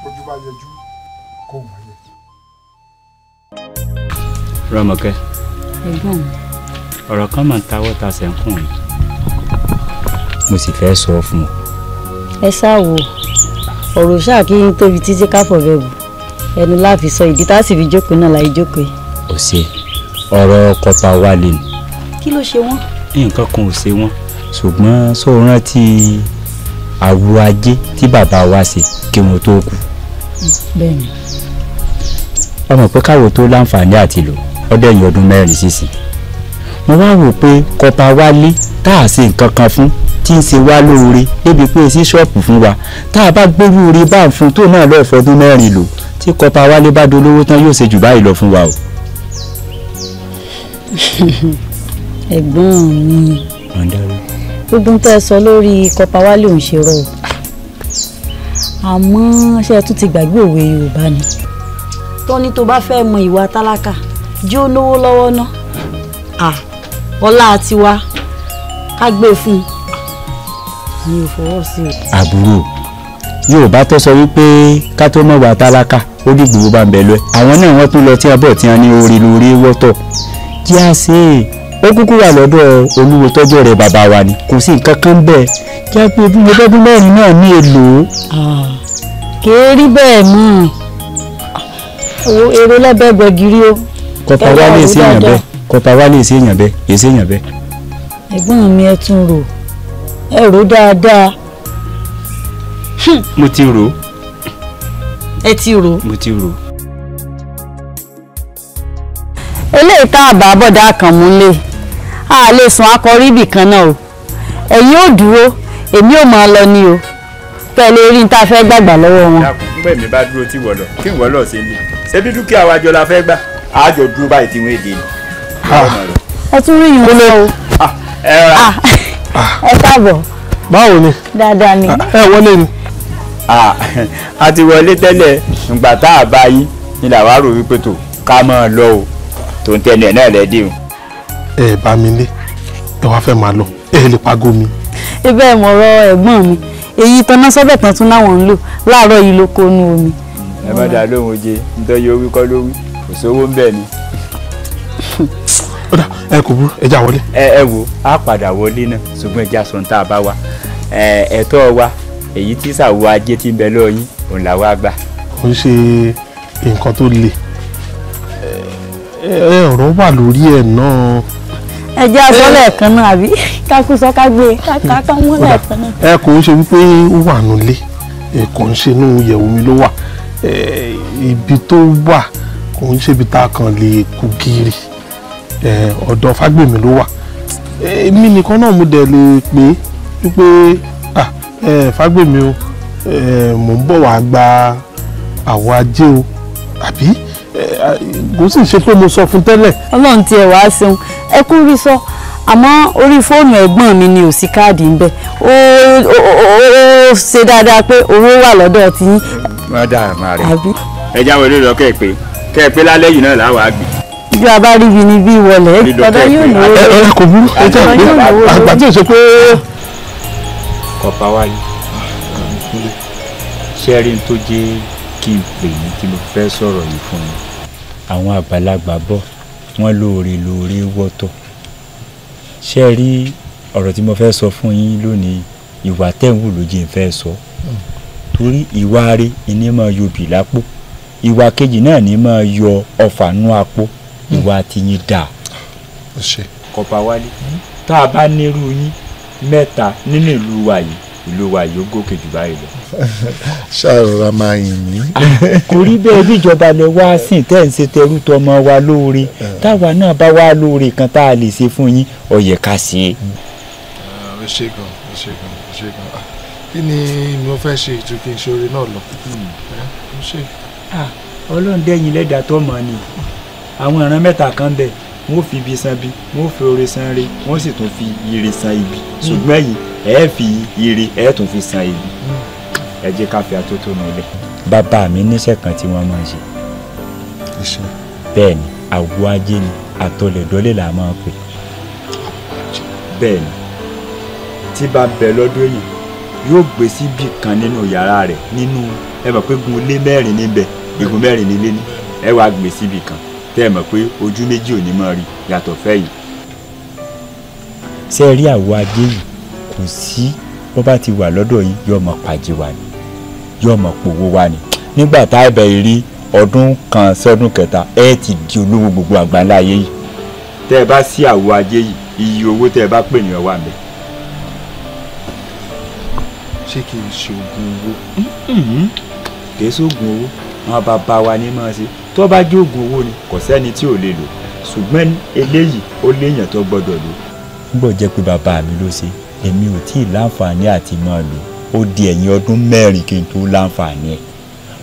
ojú bá yẹjú kó wọ́n yẹ. Rámọ̀kẹ́. ọ̀rọ̀ kan máa ń tawọ́ ta sẹ́ńkùn yìí mo sì fẹ́ sọ fún ọ. ẹ ṣáà wò ọ̀rọ̀ ṣáà kí n tóbi títí káfọ̀ rẹ bù ẹnu láàfin sọ ìdí tá a sì fi jókòó náà láì jókòó. ò ṣe ọ̀rọ̀ kọta wa lè kí ló ṣe wọ́n. nǹkan kan ò ṣe wọ́n ṣùgbọ́n sóòrán ti. So àwo ajé tí bàbá wa ṣe kí wọn tó kú. bẹ́ẹ̀ni. ọmọ pé káwo tó láǹfààní àti lò ọdẹ yìí ọdún mẹ́rin sísìn mo wá wò pé kọpa wálé tá a ṣe nǹkan kan fún tí ń ṣe wá lóore débi pé sí ṣọ́ọ̀pù fún wa tá a bá gbérú orí bá ń fún tó náà lọ́ọ̀ fọdún mẹ́rin lò tí kọpa wálé bá dolówó tán yóò ṣe jù báyìí lọ fún wa o. [LAUGHS] ẹ̀gbọ́n mi. ọ̀dà gbogbo ń sọ lórí kọpa wálé òun ṣe rọ o àmọ́ ṣé ẹ tún ti gbàgbé òwe yorùbá ni. tọ́ni tó bá fẹ́ mọ ìwà tálákà jí ó lówó lọ́wọ́ ná ọlá tiwa ká gbé e fún un mi ò fọwọ́ sí o. àbúrò yorùbá tó sọ wípé ká tó mọ̀ wá tálákà ó dìgbò bá ń bẹ̀ lọ àwọn náà wọ́n tún lọ tí abọ́ tí wọ́n ní orí lórí wọ́tọ̀ kí á ṣe é. ó kúkú wà lọ́dọ̀ olúwo tọ́jú rẹ̀ bàbá wa ni kò sí nǹkan kan bẹ́ẹ̀ kí á pé ebúgbé bẹ́ẹ̀ mẹ́rin náà ní èlò. kèé rí bẹ́ẹ̀ mọ́ èrò o. wa lè ṣe èèyàn bẹ́ẹ̀ kọ̀pá wa lè ṣe èèyàn bẹ́ẹ̀ lè èèyàn bẹ́ẹ̀. ẹ̀gbọ́n mi ẹ tún rò ẹ rò dáadáa. mo ti rò. ẹ ti rò. mo ti rò. eléyìí tá a bá bọ̀dá kan múlẹ̀ a lè sùn akọrí ibì kan náà o ẹ̀yin ò dúró èmi ò máa lọ ni o pẹ̀lú eré ní tá a fẹ́ gbàgbà lọ́wọ́ wọn. nígbà mi bá dúró tí wọ́n lọ kí wọ́n lọ sí ni ṣebí dúkìá wa jọ la fẹ́ gbà á jọ dúró báyìí tí wọ́n èdè ni. Ah. ẹ tún rí ìyún lọ o ah, ah, ẹ káàbọ̀. báwo ni. dáadáa ni. ẹ wọlé ni. a ti wọlé tẹ́lẹ̀ ǹgbà tá a bá yín ni làwa rò wípé tó ká máa lọ o tó ń tẹnu náà lẹ́dí o. ẹ bá mi lé ẹ wá fẹ́ máa lọ ẹ lè pagó mi. mọ̀rọ̀ ẹ̀gbọ́n mi èyí tanná sọ́bẹ̀ láàárọ̀ yìí ló nu omi. ẹ má dà lóhùn oje nítorí orí kọ́ ló wí ń bẹ̀ ni. ó dà ẹ kò burú ẹ e ẹ wo a padà wọlé náà ṣùgbọ́n wa èyí tí sàwọ́ ajé ti ń ẹ jẹ́ aṣọ eh. lẹ́ẹ̀kan náà àbí kákú sọ ká gbé káká e, mọ́ lẹ́ẹ̀kan náà. ẹ kò ń ṣe wípé ó wà nulẹ̀ kò ń ṣe inú yẹ̀wò mi ló wà ibi tó wà kò ń ṣe ibi tá a kàn lè kú gírì ọ̀dọ̀ fágbèmí ló wà èmi nìkan náà mo dẹ̀ lè pè é wípé fágbèmí o mò ń bọ̀ wá gba àwọ̀ ajé o àbí kò sì ṣe pé mo sọ fún tẹ́lẹ̀. ọlọ́run ti ẹ̀ wá ṣeun ẹ kú rí sọ àmọ́ orí fóònù ẹ̀gbọ́n mi ni ò sí káàdì ń bẹ̀ ó ṣe dáadáa pé owó wà lọ́dọ̀ ti yín. má dáa má rè ẹ jáwé lórí ọkẹ́ ẹ pé kẹ́ ẹ pé lálẹ́ yìí náà làwọn á gbé bí a bá rí ibi ni bí ìwọlẹ̀ ọ̀dọ̀ yóò lówó ẹ kò burú ẹ jẹ́ pé àgbà tí ò ṣe pé. ọ̀pá wáyé ṣẹ́rí tó jẹ́ kí n pè ní kí mo fẹ́ sọ̀rọ̀ yìí fún yín àwọn àgbàlagbà bọ̀ wọ́n lóore lóore wọ́tọ̀ ṣé ẹ rí ọ̀rọ̀ tí mo fẹ́ sọ fún yín lónìí ìwà tẹ̀wù ló jẹ́ ìfẹ́ sọ mm. torí ìwà rẹ̀ ìní máa yọ bì lápò ìwà kejì náà ní máa yọ ọfà nú apò mm. ìwà tiyín dà kọ̀pá wálé tá a bá nírú yín mẹ́ta nínú ìlú wa yìí ìlú wa yóò gòkè jù báyìí lọ. [LAUGHS] ṣàròrà máa yìn mí. Ah, kò rí bẹ́ẹ̀ bíjọba lẹ wá sí tẹ́ ń ṣe tẹrú tọmọ wa lóore eh. táwa náà bá wá lóore kan tá a lè ṣe fún yín ó yẹ ká ṣe é. Mm. Ah, ẹ ṣe gan ẹ ṣe gan ẹ ṣe gan ah, kí ni mo fẹ́ ṣe ètò kí n ṣe oore náà lọ. Mm. Eh, ọlọ́run dẹ́yìn lẹ́dàá tọ́mọ ni àwọn ìran mẹ́ta kan bẹ́ẹ̀ wọn ò fi ibi san bi wọn ò fi oore san re wọn sì tún fi ire san ibi ṣùgbọ́n yìí ẹ fi ire ẹ tún fi san ibi ẹ jẹ́ ká fi àtótó nu ilẹ̀. bàbá mi níṣẹ́ kan tí wọ́n máa ń ṣe bẹ́ẹ̀ ni àgọ́ ajé ni àtọlẹ̀dọ́lẹ̀ là máa ń pè bẹ́ẹ̀ ni tí bá bẹ lọ́dún yìí yóò gbé síbì kan nínú yàrá rẹ̀ nínú ẹ mọ̀ pé gun ilé mẹ́rin níbẹ̀ igun mẹ́rin nílé ní ẹ wàá gbé síbì kan tẹ́ ẹ mọ̀ pé ojú méjì ò ní máa rí yàtọ̀ fẹ́yìn. ṣé ẹ rí àwo adé yìí kò sí bó bá ti wà lọ́dọ̀ yìí yóò mọ̀ pàjẹ́ wa ni yóò mọ̀ pòwó wa ni nígbà tá a bẹ̀ rí ọdún kan sọ́dún kẹta ẹ ti di olówó gbogbo àgbáńlá ayé yìí. tẹ́ ẹ bá sí àwo adé yìí iye owó tẹ́ ẹ bá pè ní ọwọ́ àmì. ṣé kí n ṣe oògùn owó. kì í ṣe oògùn owó wọn bá bá wa ní máa ṣe tó bá jẹ́ oògùn owó ni kò sẹ́ni tí ò lè lò ṣùgbọ́n eléyìí ó léèyàn tó gbọ́dọ̀ lò. nígbà jẹ́ pé bàbá mi ló ṣe èmi ò tí ì láǹfààní àti máa lò ó di ẹ̀yìn ọdún mẹ́rin kí n tó láǹfààní ẹ̀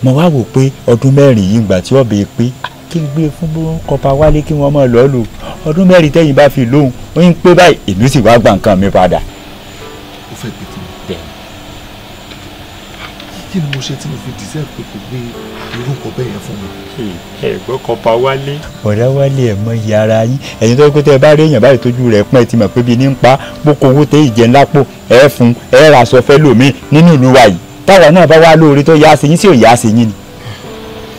mo wá wò pé ọdún mẹ́rin yìí ìgbà tí ọ̀bẹ pé kí n gbé fún kọpa wálé kí wọ́n máa lọ́ọ́ lò ọdún mẹ́rin tẹ́yìn bá fi lóhùn ó ń pé báyìí ìlú sì wá gba nǹkan mi padà. ó fẹ́ pẹ̀tù kí ni mo ṣe tí mo fi deserve pé kò gbé irú bẹ́ẹ̀ yẹn fún mi. ẹ̀gbọ́n kan wálé. ọ̀rẹ́ wálé ẹ̀ mọ iye ara yín ẹ̀yin tó kó tẹ́ ẹ bá rí èèyàn báyìí tójú rẹ̀ pọ́n ẹ ti mọ̀ pé bí ní ń pa boko owó tẹ ìjẹ́ ńlá pò ẹ fún ẹ ra aṣọ fẹ́ lòmíì nínú ìlú wa yìí táwa náà bá wá lóore tó yá sí yín sí ò yá sí yín ni.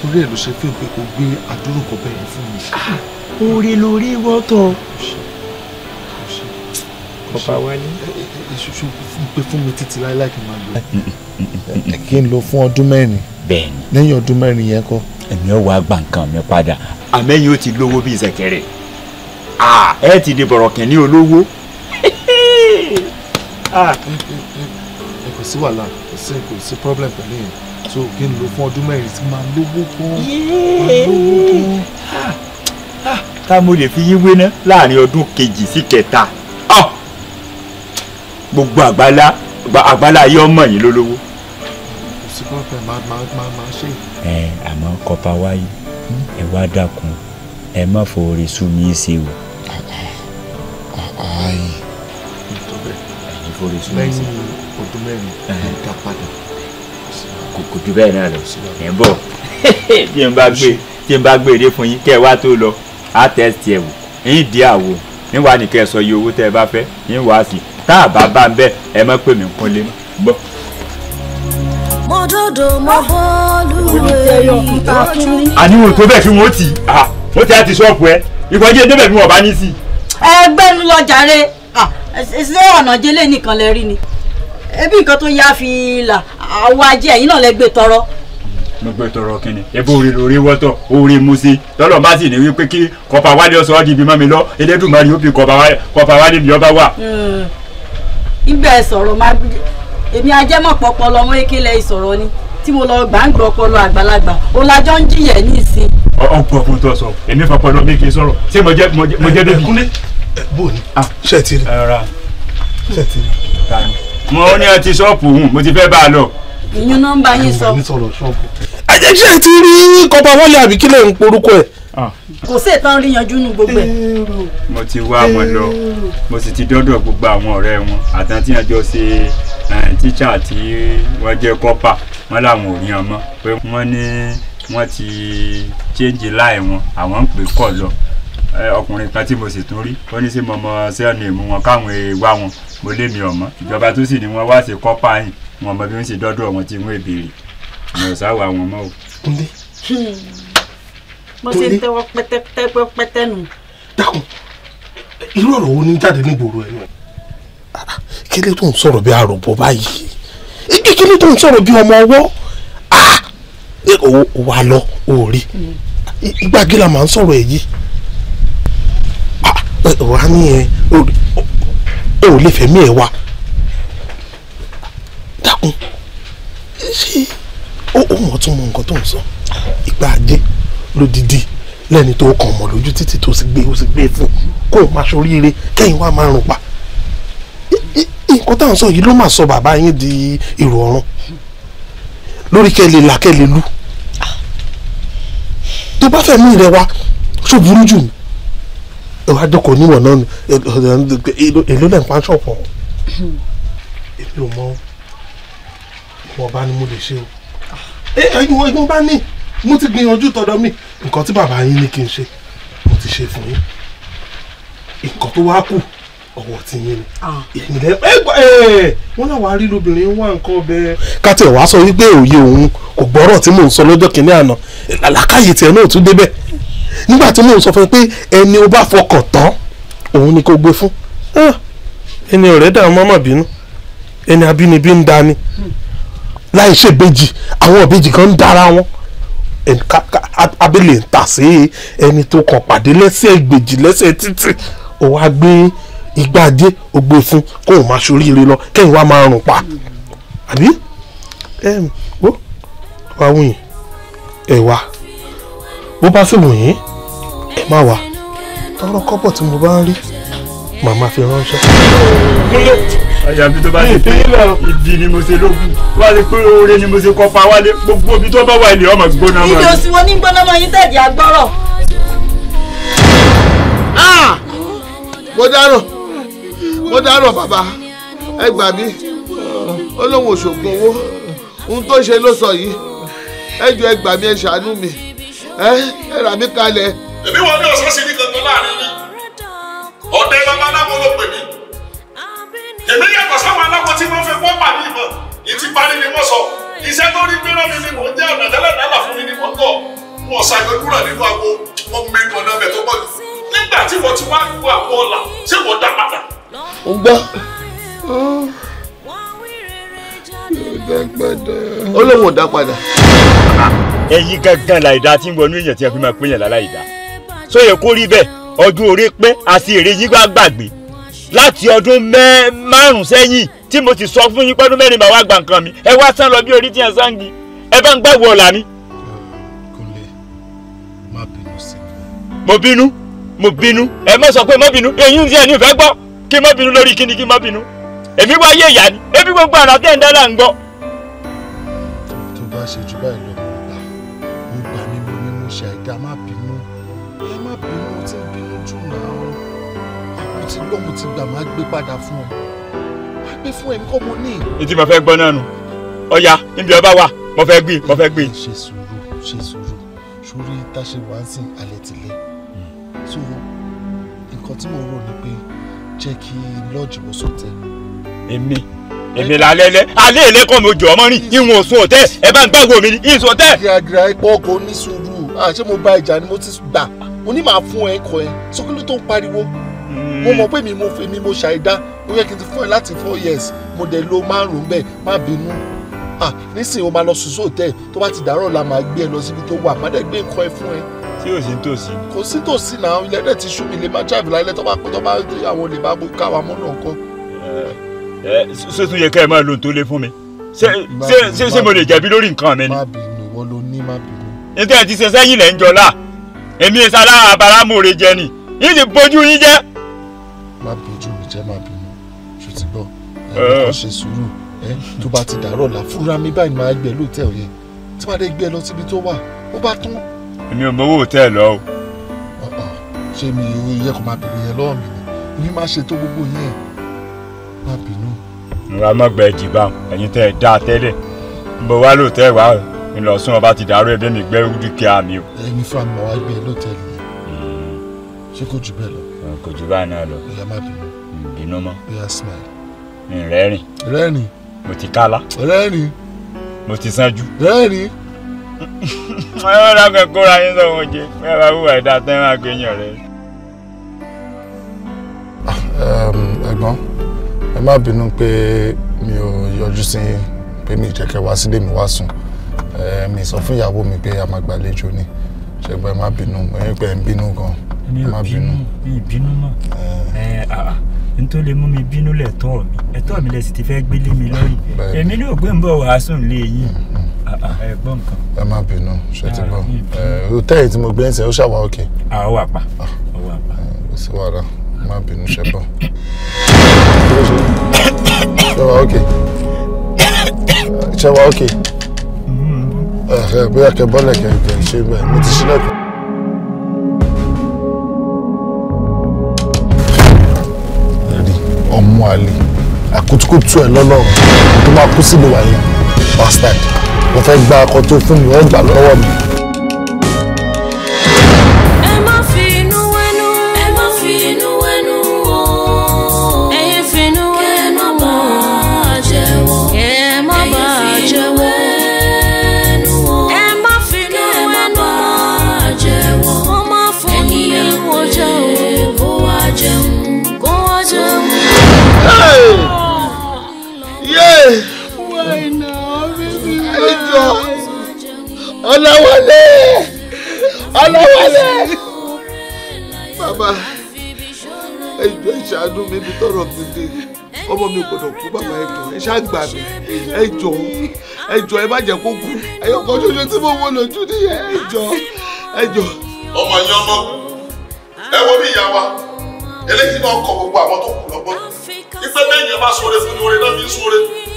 torí ẹ ló ṣe fi pé kò gbé àdúrò bẹ́ẹ̀ yẹn fún mi. oore lórí wọ́tọ̀. ọ̀pá gbé fún mi títí láéláé kí n máa lò. kí n lò fún ọdún mẹ́rin. bẹ́ẹ̀ni. lẹ́yìn ọdún mẹ́rin yẹn kọ́. èmi ò wá gba nǹkan mi padà. àmẹ́yìn ó ti lówó bíi ṣẹ̀kẹ̀rẹ̀ ẹ ti di bọ̀rọ̀kìn ní olówó. [LAUGHS] kò sí wàhálà kò sí kò sí problem pẹ̀lú yẹn so kí n lò fún ọdún mẹ́rin tí máa lówó gan. máa lówó gan. ká ah, ah, mo lè fi yín wé ná láàrin ọdún kejì sí kẹta. Oh! gbogbo àgbálá àgbálá ayé ọmọ yìí lólówó. kò sí pọ́ńpẹ́ máa máa máa ṣe. ẹ àmọ́ kọpa wáyé ẹ wá dákun ẹ má fòrè sú mi ṣe o. ayi lẹ́yìn ọdún mẹ́rin ẹ̀ dá padà. kò ju bẹ́ẹ̀ náà lọ ẹ̀ ń bọ̀ bí [LAUGHS] n bá gbé bí n bá gbé èdè fún yín kẹ́ ẹ wá tó lọ á tẹ́sítì ẹ̀ wò ń dí àwò níwàá nìkẹ́ sọ iye owó tẹ́ ẹ bá fẹ́ ń tá a bá bá ń bẹ ẹ má pè mí kúnlé gbọ́. mo dòdò mo bọ́ọ̀lù ìbáfúnni. àníwò tó bẹ̀ fi wọ́n ti wọ́n ti àti ṣọ́ọ̀bù ẹ ìkọ́jú ẹdẹ́bẹ̀ fi wọ́n bá ní sí. ẹgbẹ́nu lọ jàre ṣé ọ̀nà jẹ́lẹ̀ nìkan lẹ rí ni ebi nǹkan tó yá fi là àwọn ajé ẹ̀yìn náà lẹ gbé tọrọ mo gbé tọrọ kínní ebo orí lórí wọ́tọ̀ orí musi tọ́lọ̀ bá ni ní wípé kí kọfà wálé ọ̀sán ọ́ di ibi mọ́ mi lọ elédùnmarì ó fi kọfà wálé bí ọba wà. Hmm nígbà ẹ sọ̀rọ̀ máa èmi ajẹ́mọ̀pọ̀ ọpọlọ ọmọ ekele ìsọ̀rọ̀ ni tí mo lọ gbàǹgbọ̀ ọpọlọ àgbàlagbà ó lájọ́ ń jìyẹ ní ìsìn. ọkọ ọkùnrin tó sọ èmi fapọ ẹnu mi kì í sọ̀rọ̀ ṣé mo jẹ mo jẹ dé. kúnlẹ̀ bò ní ah. ṣe ti rí ṣe ti rí. mo ní ẹ ti ṣọ́ọ̀pù hùn mo ti fẹ́ bá a lọ. ìyún nọ́mbà yín sọ. ẹ jẹ́ ṣe ti rí kọ́ba wọlé àbí kílẹ̀ ń porúkọ ẹ̀. Ah. kò sí ìtàn rí yanjú nu gbogbo ẹ. mo ti wá wọn lọ mo sì ti dọ́dọ̀ gbogbo àwọn ọ̀rẹ́ wọn àtàn tí wọ́n jọ ṣe tíṣà tí wọ́n jẹ́ kọ́pà wọ́n làwọn ò rí wọn mọ́ pé wọ́n ní wọ́n ti change láì wọn àwọn ń pè kọ̀ lọ ọkùnrin kan tí mo sì tún rí ó ní sí mo mọ sẹ́ọ̀nì ìmú wọn káwọn èèwà wọn mo lé mi ọ̀mọ́ ìjọba tó sì ní wọ́n wá sí kọ́pà yìí wọn mọ bí wọ́n sì dọ́dọ̀ wọn tí wọ́n èbèrè mi ò àwọn mọ́ o bó ṣe ń tẹ́wọ́ pẹ́tẹ́pẹ́ pẹ́tẹ́nu. dákun irú ọ̀rọ̀ wo ni jáde nígboro ẹ̀ náà. kí ló tó ń sọ̀rọ̀ bí arọ̀bọ báyìí ibi kí ló tó ń sọ̀rọ̀ bí ọmọ ọwọ́ ah! wà lọ òòrí ìgbà gíga máa ń sọ̀rọ̀ èyí ah! wà ní ẹ ò lè fẹ̀mí ẹ wa dákun ṣé o mọ̀ tún mọ nǹkan tó ń sọ ìgbà ajé lódìdí lẹ́ni tó kàn mọ̀ lójú títì tó sì gbé ó sì gbé fún kó o máa ṣoríire kẹ́yìn wá máa rùn pa nǹkan táwọn sọ yìí ló máa sọ bàbá yín di èrò ọ̀run lórí kẹ́lẹ̀ là kẹ́lẹ̀ lu tó bá fẹ́ mí rẹ wá ṣó burú jù ẹ wá jókòó níwọ̀ náà èló lẹ́ ń pa ṣọ̀pọ̀ èmi ò mọ ìwọ̀nba ni mo lè ṣe o ẹ̀yin wọn bá ní mo ti gbìyànjú tọ̀dọ̀ mi nǹkan tí bàbá yín ní kí n ṣe mo ti ṣe fún yín nǹkan tó wá kù ọwọ́ ti yín ni ah. èmi lẹ ẹ wọn náà wàá rí lóbìnrin wá nǹkan ọbẹ̀. kátì ẹ̀ wá sọ wípé òye òun kò gbọ́rọ̀ tí mò ń sọ lọ́jọ́ kìnínní àná làlákàyè tiẹ̀ náà tún débẹ̀ nígbà tí mò ń sọ fún ẹ pé ẹni o bá fọkàn tán òun ni kò gbé fún ah, ẹni ọ̀rẹ́ dàrú mọ́mọ́ bínú ẹni abínibí ń dání hmm. láì ṣèbejì àwọn ìbejì kan ń dára wọn abẹ́lẹ̀ ń tà sí ẹni tó kàn pàdé lẹ́sẹ̀ ìgbèjì lẹ́sẹ̀ títì ó wá gbé igbá dé ó gbé e fún kó o máa ṣoríire lọ kẹ́yìn wá máa rùn pa àbí ó wá wùyìn ẹ wá bó bá sì wùyìn ẹ má wá tọrọ kọ́pọ̀ tí mo bá ń rí màmá fi ránṣẹ́. kúnlẹ̀ àyàfi tó bá ti pé ìdí ni mo ṣe lókun wá lè pé oore ni mo ṣe kọ́ wálé gbogbo ibi tó bá wà ilé ọmọ gbóná mọ́. ìdí òsì wọn ní gbóná mọ́ yín tẹ̀dí agbọ́rọ̀. Ah! mo dáràn mo dáràn bàbá ẹ gbà mí ó òṣògùn owó ohun tó ṣe ló sọ yìí ẹ jọ ẹ gbà mí ẹ ṣàánú mi ẹ ẹ rà mí kalẹ̀. èmi wọn ní ọ̀sán sí ní kankan láàrin yín ọ̀dẹ bàbá aláwo ló pè mí èmi yàtọ̀ sáwọn aláwo tí wọ́n fẹ́ wọ́n bà mí ìbọn ìtì parí ni wọ́n sọ iṣẹ́ tó rí gbéra mi ni mò ń jẹ́ ọ̀nà tẹ́lẹ̀ náà fún mi ni wọ́n tọ̀ wọn ṣàgbẹ́ kúrò nínú agbo wọn mẹ́nu ọ̀nà bẹ̀ tó pọ̀ jù nígbà tí wọ́n ti wá lu àpò ọ̀la ṣé wọ́n dá padà. ó gbọ́ ó ò dá padà. ẹ̀yin gangan làìdá tí ń wọnú èèyàn tí a fi máa pín yàn láláìdá sóye kó rí ọdún orí pé àti èrè yín wá gbàgbé láti ọdún márùn sẹ́yìn tí mo ti sọ fún yín pẹ́ẹ́dún mẹ́rin màá wá gba nǹkan mi ẹ wá sán lọ bí orí tí yẹn sáǹgì ẹ bá ń gbàgbọ́ ọ̀la mi. kúnlẹ̀ má bínú sí i. mo bínú mo bínú ẹ má sọ pé má bínú eyín tí ẹ ní ìfẹ́ gbọ́ kí má bínú lórí kíni kí má bínú èmi wáyé ìyá ni ebi gbogbo àrà ń dá ń gbọ́. tó bá ṣe jù báyìí lọ ọlọ́run ti gbà máa gbé padà fún ọ máa gbé fún ẹ̀mí kọ́ mo ní. etí mo fẹ́ gbọ́ náà nù ọ̀ya níbi ọba wà mo fẹ́ gbìn mo fẹ́ gbìn. ṣe sùúrù ṣe sùúrù sórí táṣe wá ń sìn alẹ́ tìlẹ̀ so nǹkan tí mo rò ni pé jẹ́ kí lọ́ọ̀jì mo sùn tẹ. èmi èmi là lẹ́lẹ́ alẹ́ ilé kan mo jọ ọmọ rìn ìwọ̀n òsùn ọ̀tẹ́ ẹ bá ń gbàgbọ́ mi ní ìsùn ọ̀tẹ́. gírágírá ipò ọkọ̀ ní sùúrù àṣé mo bá ìjà ni mo ti gbà onímọ̀ fún ẹ ẹ sókè tó ń pariwo mo mọ̀ pé mi mo fi mi mo ṣàìdá ó yẹ kí n ti fún ẹ láti four years mo dẹ̀ lo márùn-ún bẹ́ẹ̀ má bínú nísìnyí o máa lọ sùn sóòtẹ́ tó bá ti dàárọ̀ la máa gbé ẹ lọ síbi tó wà má dẹ̀ gbé nǹkan ẹ fún ẹ tí yóò sí tòsí. kò sí tòsí náà ilẹ̀ náà ti ṣú mi lè máa drive lálẹ́ tó bá pé tó bá dé àwọn olè bá ká wa mọ́nà nǹkan. ẹ ẹ ṣé tún yẹ ká ẹ máa lo nítorí fún mi ṣé ṣé mo lè jẹ̀bi lórí nǹkan mi ni. má bínú ìwọ ló ní má bínú. nítorí ti ṣe sẹ́yìn lẹ́ ń jọlá èmi ìsalára e àbárámòrè ni yìí ti bójú yín jẹ́ máa bínú ṣùtìgbọ́ ẹ eh. ṣe sùúrù ẹ eh, tó bá ti dàárọ̀ là fúnra mi báyìí máa gbé lóòtẹ́ẹ̀lì yẹn tí wàá dé gbé lọ síbi tó wà ó bá tún. èmi ò mọwọ́ òtẹ́ẹ̀lì lọ o. ṣé mi ò yẹ kó máa bèrè yẹn lọ́wọ́ mi ni èmi máa ṣètò gbogbo yẹn máa bínú. nra mọ́gbà ẹ̀jì bá ẹ̀yin tẹ́ ẹ dáa tẹ́lẹ̀ ń bọ̀ wá lóòtẹ́ẹ̀lì wá ńlọsùn ọba ti dàárọ̀ ẹ̀dẹ́ mi gbẹ́ dúkìá mi o. ẹni fún amọ̀ wá gbé lóòtẹ́ẹ̀lì yẹn hmm ronú mọ́. yes ma. rẹ́rìn. rẹ́rìn. mo ti kálá. rẹ́rìn. mo ti sanjú. rẹ́rìn. ọ̀rọ̀ [LAUGHS] dàgbẹ́ kóra yín sọ wọn jẹ bẹ́ẹ̀ bá wúwa ẹ̀dá tán máa gbé yàn rẹ. Ah, um, ẹ̀gbọ́n ẹ má bínú pé mi ò yọjú sí pé mi ìjẹ́kẹ́ wá sílé mi wá sùn mi sọ fún ìyàwó mi pé a máa gbàlejò ni ṣẹgbẹ́ má bínú ẹ pé ń bínú gan-an má bínú. mi ò bínú mi ì bínú mọ́ ẹ àà n tó lè mú mi bínú lẹ̀tọ́ mi ẹ̀tọ́ mi lẹ sì ti fẹ́ gbé lé mi lórí èmi ní ògbé ń bọ̀ wàásù lé yìí mm, mm, mm. ah, ah, ẹ̀gbọ́n nǹkan. ẹ má bínú ṣe ti gbọ́ ah, eh, hòtẹ́ẹ̀lì tí mo gbé ń sẹ́ ó ṣàwà òkè. àwọn àpà àwọn àpà. ó sì wà rà eh, má bínú ṣe bọ́. ṣẹwà òkè ṣẹwà òkè mm-hmm. eh, bóyá kẹ bọ́lẹ̀ kẹ ṣe bẹ́ẹ̀ mo ti ṣílẹ̀kùn. Imam Ali àkútúkútú ẹ̀ lọ́lọ́run tó máa kú sílùú wáyé bastard mo fẹ́ gba akọ tó fún mi wọ́n gbà lọ́wọ́ mi. lójú ọ Ọláwálé Ọláwálé bàbá ẹjọ ìṣàánú mi bí tọrọ mi dé ọmọ mi gbọ́dọ̀ kú bàbá ẹjọ ẹ ṣàgbà mi ẹjọ ẹjọ ẹ má jẹ́ kó kú ẹyọkọ ṣoṣo tí mo wọ lójú nìyẹn ẹjọ ẹjọ. ọmọ yẹn ọmọ ẹ wo bí ìyá wa eléyìí náà kọ gbogbo àwọn tó kù lọ́gbọ́n ìfẹ́ bẹ́ẹ̀ yẹn bá sọ̀rọ̀ fún mi orin náà fi ń sọ̀rọ̀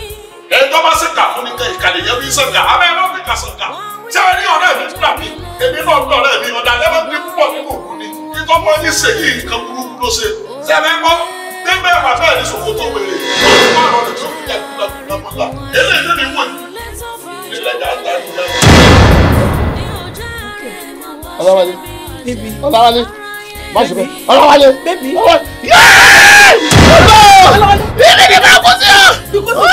èyí tó bá fún ní ìkàlẹ̀ yẹn bí sọ̀gà abẹ́ ẹ̀ fi kà sọ̀gà tí a rí ọ̀rẹ́ mi kúrà mí èmi náà ń lọ̀rẹ́ mi ọ̀dà lẹ́mọ̀ bí púpọ̀ nínú òkú ni títọ́ mọ́ ní sèyí nǹkan burúkú ló ṣe sẹ́mi gbọ́ nígbà ẹ̀wà bẹ́ẹ̀ ní sòkò tó wèrè lórí bọ́ọ̀lù ọ̀dẹ̀ tó fi ẹ̀kúlẹ̀ kúlẹ̀ mọ́lá eléyìí ni wọ́n ìlẹ̀jà Ọlọ́wálé. Ọlọ́wálé má ṣe bẹ́ẹ̀ ọlọ́wálé ọlọ́wálé ilé ní báwo sí ọ. gbogbo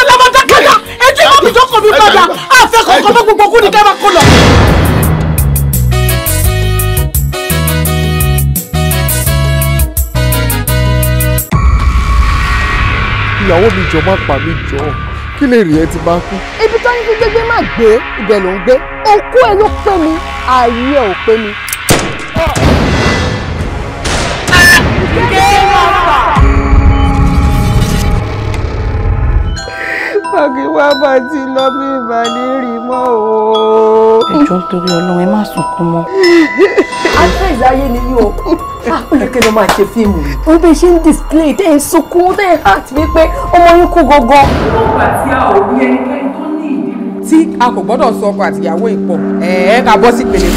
ẹ̀dá bàtà kẹta ẹjẹ má mi jókòó mi padà àfẹ́ kọ̀ọ̀kan tó gbogbo kú ni ká máa kó lọ. ìyàwó mi jọ má pa mí jọ kí lè rí ẹ ti máa kú. ibi tó ń fi gbégbé má gbé ibẹ̀ ló ń gbé òkú ẹ ló pé mi ààyè ẹ ò pé mi. Akínwá bá ti lọ bí ìbàdí rí mọ́ o. Ẹjọ́ torí Ọlọ́run ẹ má sunkún mọ́. Àjọ ìdáyé ni yóò. Ah, ó yẹ kí ló máa ṣe fíìmù yìí. Wọ́n bẹ ṣe ń display tẹ́ ẹ sunkún tẹ́ ẹ hàt wípé ọmọ yín kú gangan. Ọgbà tí a ò rí ẹnikẹ́ni tó ní ìdí. Tí a kò gbọ́dọ̀ sọ ọkọ àtìyàwó ìpọ̀, ẹ̀ẹ́ ká bọ́ sí pèlè.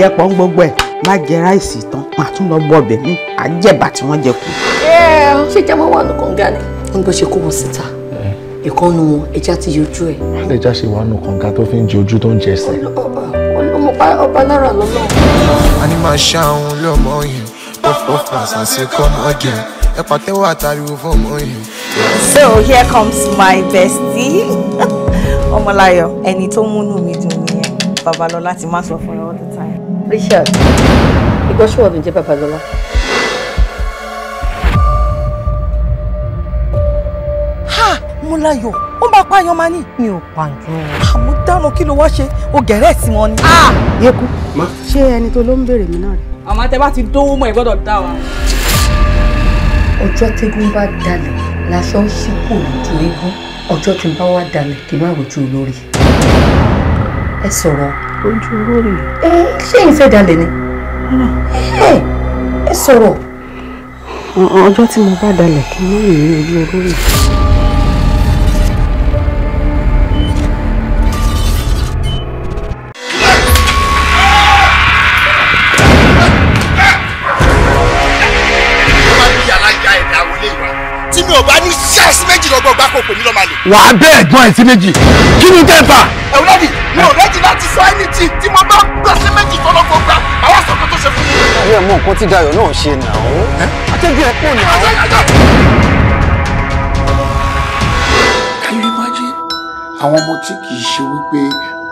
jẹ pọ̀ ń gbogbo ẹ̀ má jẹ ráìsì tán má tún lọ bọ ọbẹ̀ mi à ń tí wọ́n jẹ kù. ṣé ìjà wà ní kànga ni wọ́n gbé ṣe kó wọn síta eh. ìkan nu wọn ẹja ti yọjú ẹ. wọ́n lè já ṣe wà nù kànga tó fi ń jẹ tó ń jẹ ẹsẹ̀. ọba lára lọ́nà. a ní máa ṣá òun lọ́mọ yìí pọ́pọ́ fàṣàṣe kọ́ mọ́ jẹ ẹ pàtẹ́wọ́ àtàríwò fọ́mọ yìí. So here comes my bestie [LAUGHS] ọmọláyọ̀ ẹni tó múnú mi dùn nìyẹn babalọ́lá ti má sọ fún ẹ Richard, ìgbọ́sọ̀wọ́ mi jẹ́ Babalọ́lá. múláyò ó máa pààyàn máa ní. mi ò pààyàn. àmọ́ dáná kí ló wá ṣe o gẹ̀rẹ́ sí wọn ni. yéku ṣé ẹni tó ló ń béèrè mi náà rẹ. àmọ́ tẹ bá ti dówó mọ́ ẹ gbọ́dọ̀ dá wa. ọjọ́ tẹ́gùn bá dalẹ̀ lásán sí kò lójú eégún ọjọ́ tí n bá wá dalẹ̀ kí n má rojú olórí. ẹ sọ̀rọ̀ ojú rórì. ṣé ìfẹ́ dalẹ̀ ni ẹ sọ̀rọ̀. ọjọ́ tí mo bá dalẹ̀ kí n má rìn ní ojú rórì. wàá bẹ́ẹ̀ gbọ́n ẹ̀ sí méjì kí ni tẹ́ fà. ẹ̀wọ́n náà mi ò rẹ́jì láti sọ ẹnìtì tí mo bá gbọ́ sí méjì tọ́lọ́kọ̀ gbà àwọn sọ̀kọ̀ tó ṣe fún mi. ayé ẹ̀ mọ nǹkan tí Dayọ̀ náà ṣe nà ó àtẹ́bí ẹ̀ pọ̀ nà ó. Can you imagine? àwọn ọmọ tí kì í ṣe wípé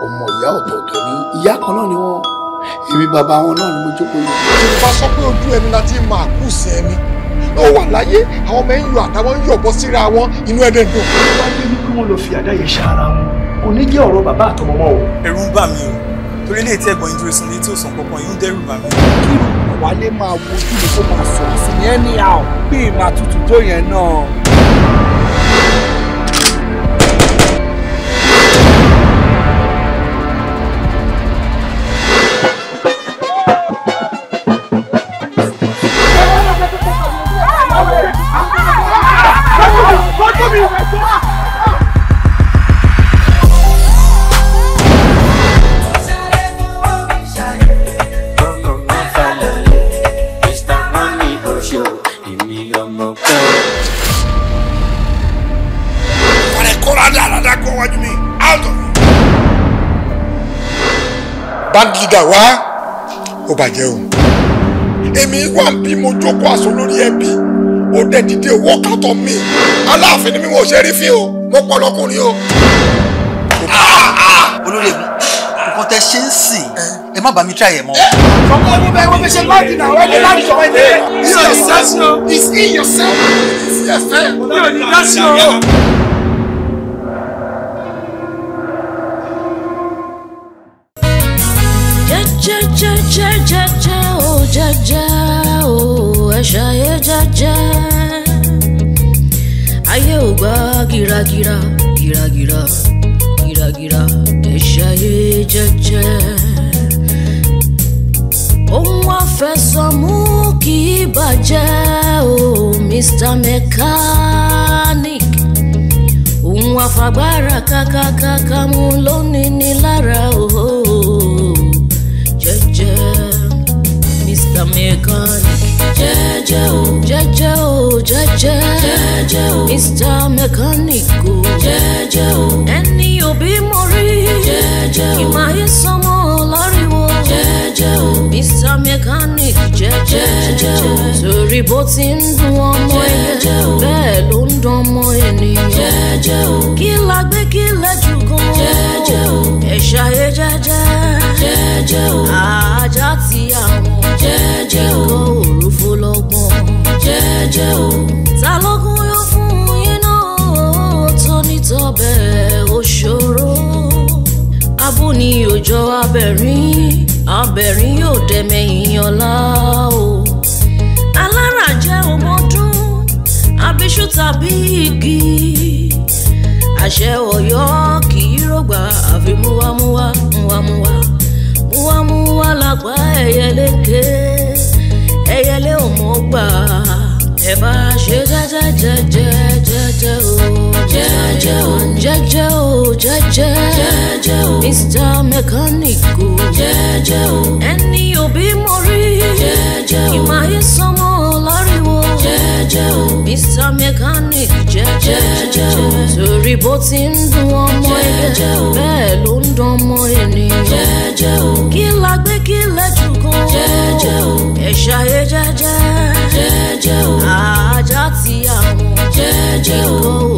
ọmọ ìyá ọ̀tọ̀ọ̀tọ̀ ni ìyá kan náà ni wọ́n èmi bàbá wọn náà ni mo jókòó yìí. tí mo bá sọ pé ojú ẹni láti máa kù sí ẹni ó wà láyé àwọn ọmọ ẹ ń yọ àtàwọn ń yọ̀bọ síra wọn inú ẹ̀dẹ̀ dùn. wọ́n á dé wípé wọ́n lọ fi àdá yẹn ṣe ara wọn kò ní jẹ́ ọ̀rọ̀ bàbá àtọmọ mọ́ o. ẹ̀rù ń bà mí o torí ilé ìtẹ́ ẹ̀gbọ́n ìdúró sunlé tí ò sàn kankan yìí ń dẹ́rù bà mí. kí wàá lè máa wojú mi tó máa sọ̀rọ̀ sí ní a ò pé ìmọ̀ àtútù tó yẹn náà. bá gíga wá ó bàjẹ́ o èmi wà ń bí mo jókòó àṣọ lórí ẹbí ó dẹ̀ dìde owó kàtọ́ mi aláàfin ni mi ò ṣe rí fí o mo pọ̀ lọkùnrin o. olórí ẹbí nǹkan tẹ ṣe ń sìn ẹ má bà mí tíra mọ. ọmọ ọdún bẹ́ẹ̀ wọ́n fi ṣe láti nà ọ́ ẹni láti sọ̀rọ̀ ẹni rẹ̀. yóò ní dá yóò ní dá jẹ́jẹ́jẹ́ o jẹ́jẹ́ o ẹ ṣayé jẹ́jẹ́ ayé ò gbà gíragíra gíragíra gíragíra ẹ ṣayé jẹ́jẹ́ ohun àfẹsọ̀mú kì í bàjẹ́ o Mr Mechanic ohun àfagbára kákákáká mú lónìí ní lára o. oh jẹ́ Mr Mechanic. jẹ́jẹ́ o jẹ́jẹ́ o jẹ́jẹ́ jẹ́jẹ́ o Mr Mechanic o jẹ́jẹ́ o ẹni òbí mo rí jẹ́jẹ́ o ìmáyé sọmọ láriwo jẹ́jẹ́ o Mr Mechanic jẹ́jẹ́ jẹ́jẹ́ o torí bó ti ń dùn ọmọ ẹ̀yẹ bẹ́ẹ̀ ló ń dán ọmọ ènìyàn jẹ́jẹ́ o kí la gbé kí lẹ́jù gan-an jẹ́jẹ́ o ẹ̀ṣà yẹ jẹ́jẹ́ jẹ́jẹ́ o ajá ti àwọn jẹ́jẹ́ o òrùfo lọ́gbọ́n jẹ́jẹ́ o ta lọ́gùn yóò fún yín náà tónítọ́bẹ̀ òṣòro abúni òjò abẹ̀rín abẹ̀rín yóò dẹ̀mẹ̀yìn ọ̀la o alára jẹ́ ọmọdún abiṣu tàbí igi àṣẹ ọ̀yọ́ kì í rògbà àfi múwámúwá múwámúwá wọ́n mú wá lápá ẹyẹlé ké ẹyẹlé ò mọ́ gbà ẹ bá ṣe jẹ́jẹ́jẹ́jẹ́jẹ́ o jẹ́jẹ́ o jẹ́jẹ́ o jẹ́jẹ́ jẹ́jẹ́ o Mr Mechanic o jẹ́jẹ́ o ẹni òbí mo rí jẹ́jẹ́ o ìmáyé sọmọ jẹ́jẹ́ o. Mr Mechanic jẹ́jẹ́ jẹ́jẹ́ o. Torí bó ti ń dùn ọmọ ẹgbẹ́ bẹ́ẹ̀ ló ń dán ọmọ ènìyàn jẹ́jẹ́ o. Kí la gbé kí lẹ jù gan o. o. Ẹ̀ṣà yẹ jẹ́jẹ́. Jẹ́jẹ́ o. Àájá ti àwọn. Jẹ́jẹ́ o.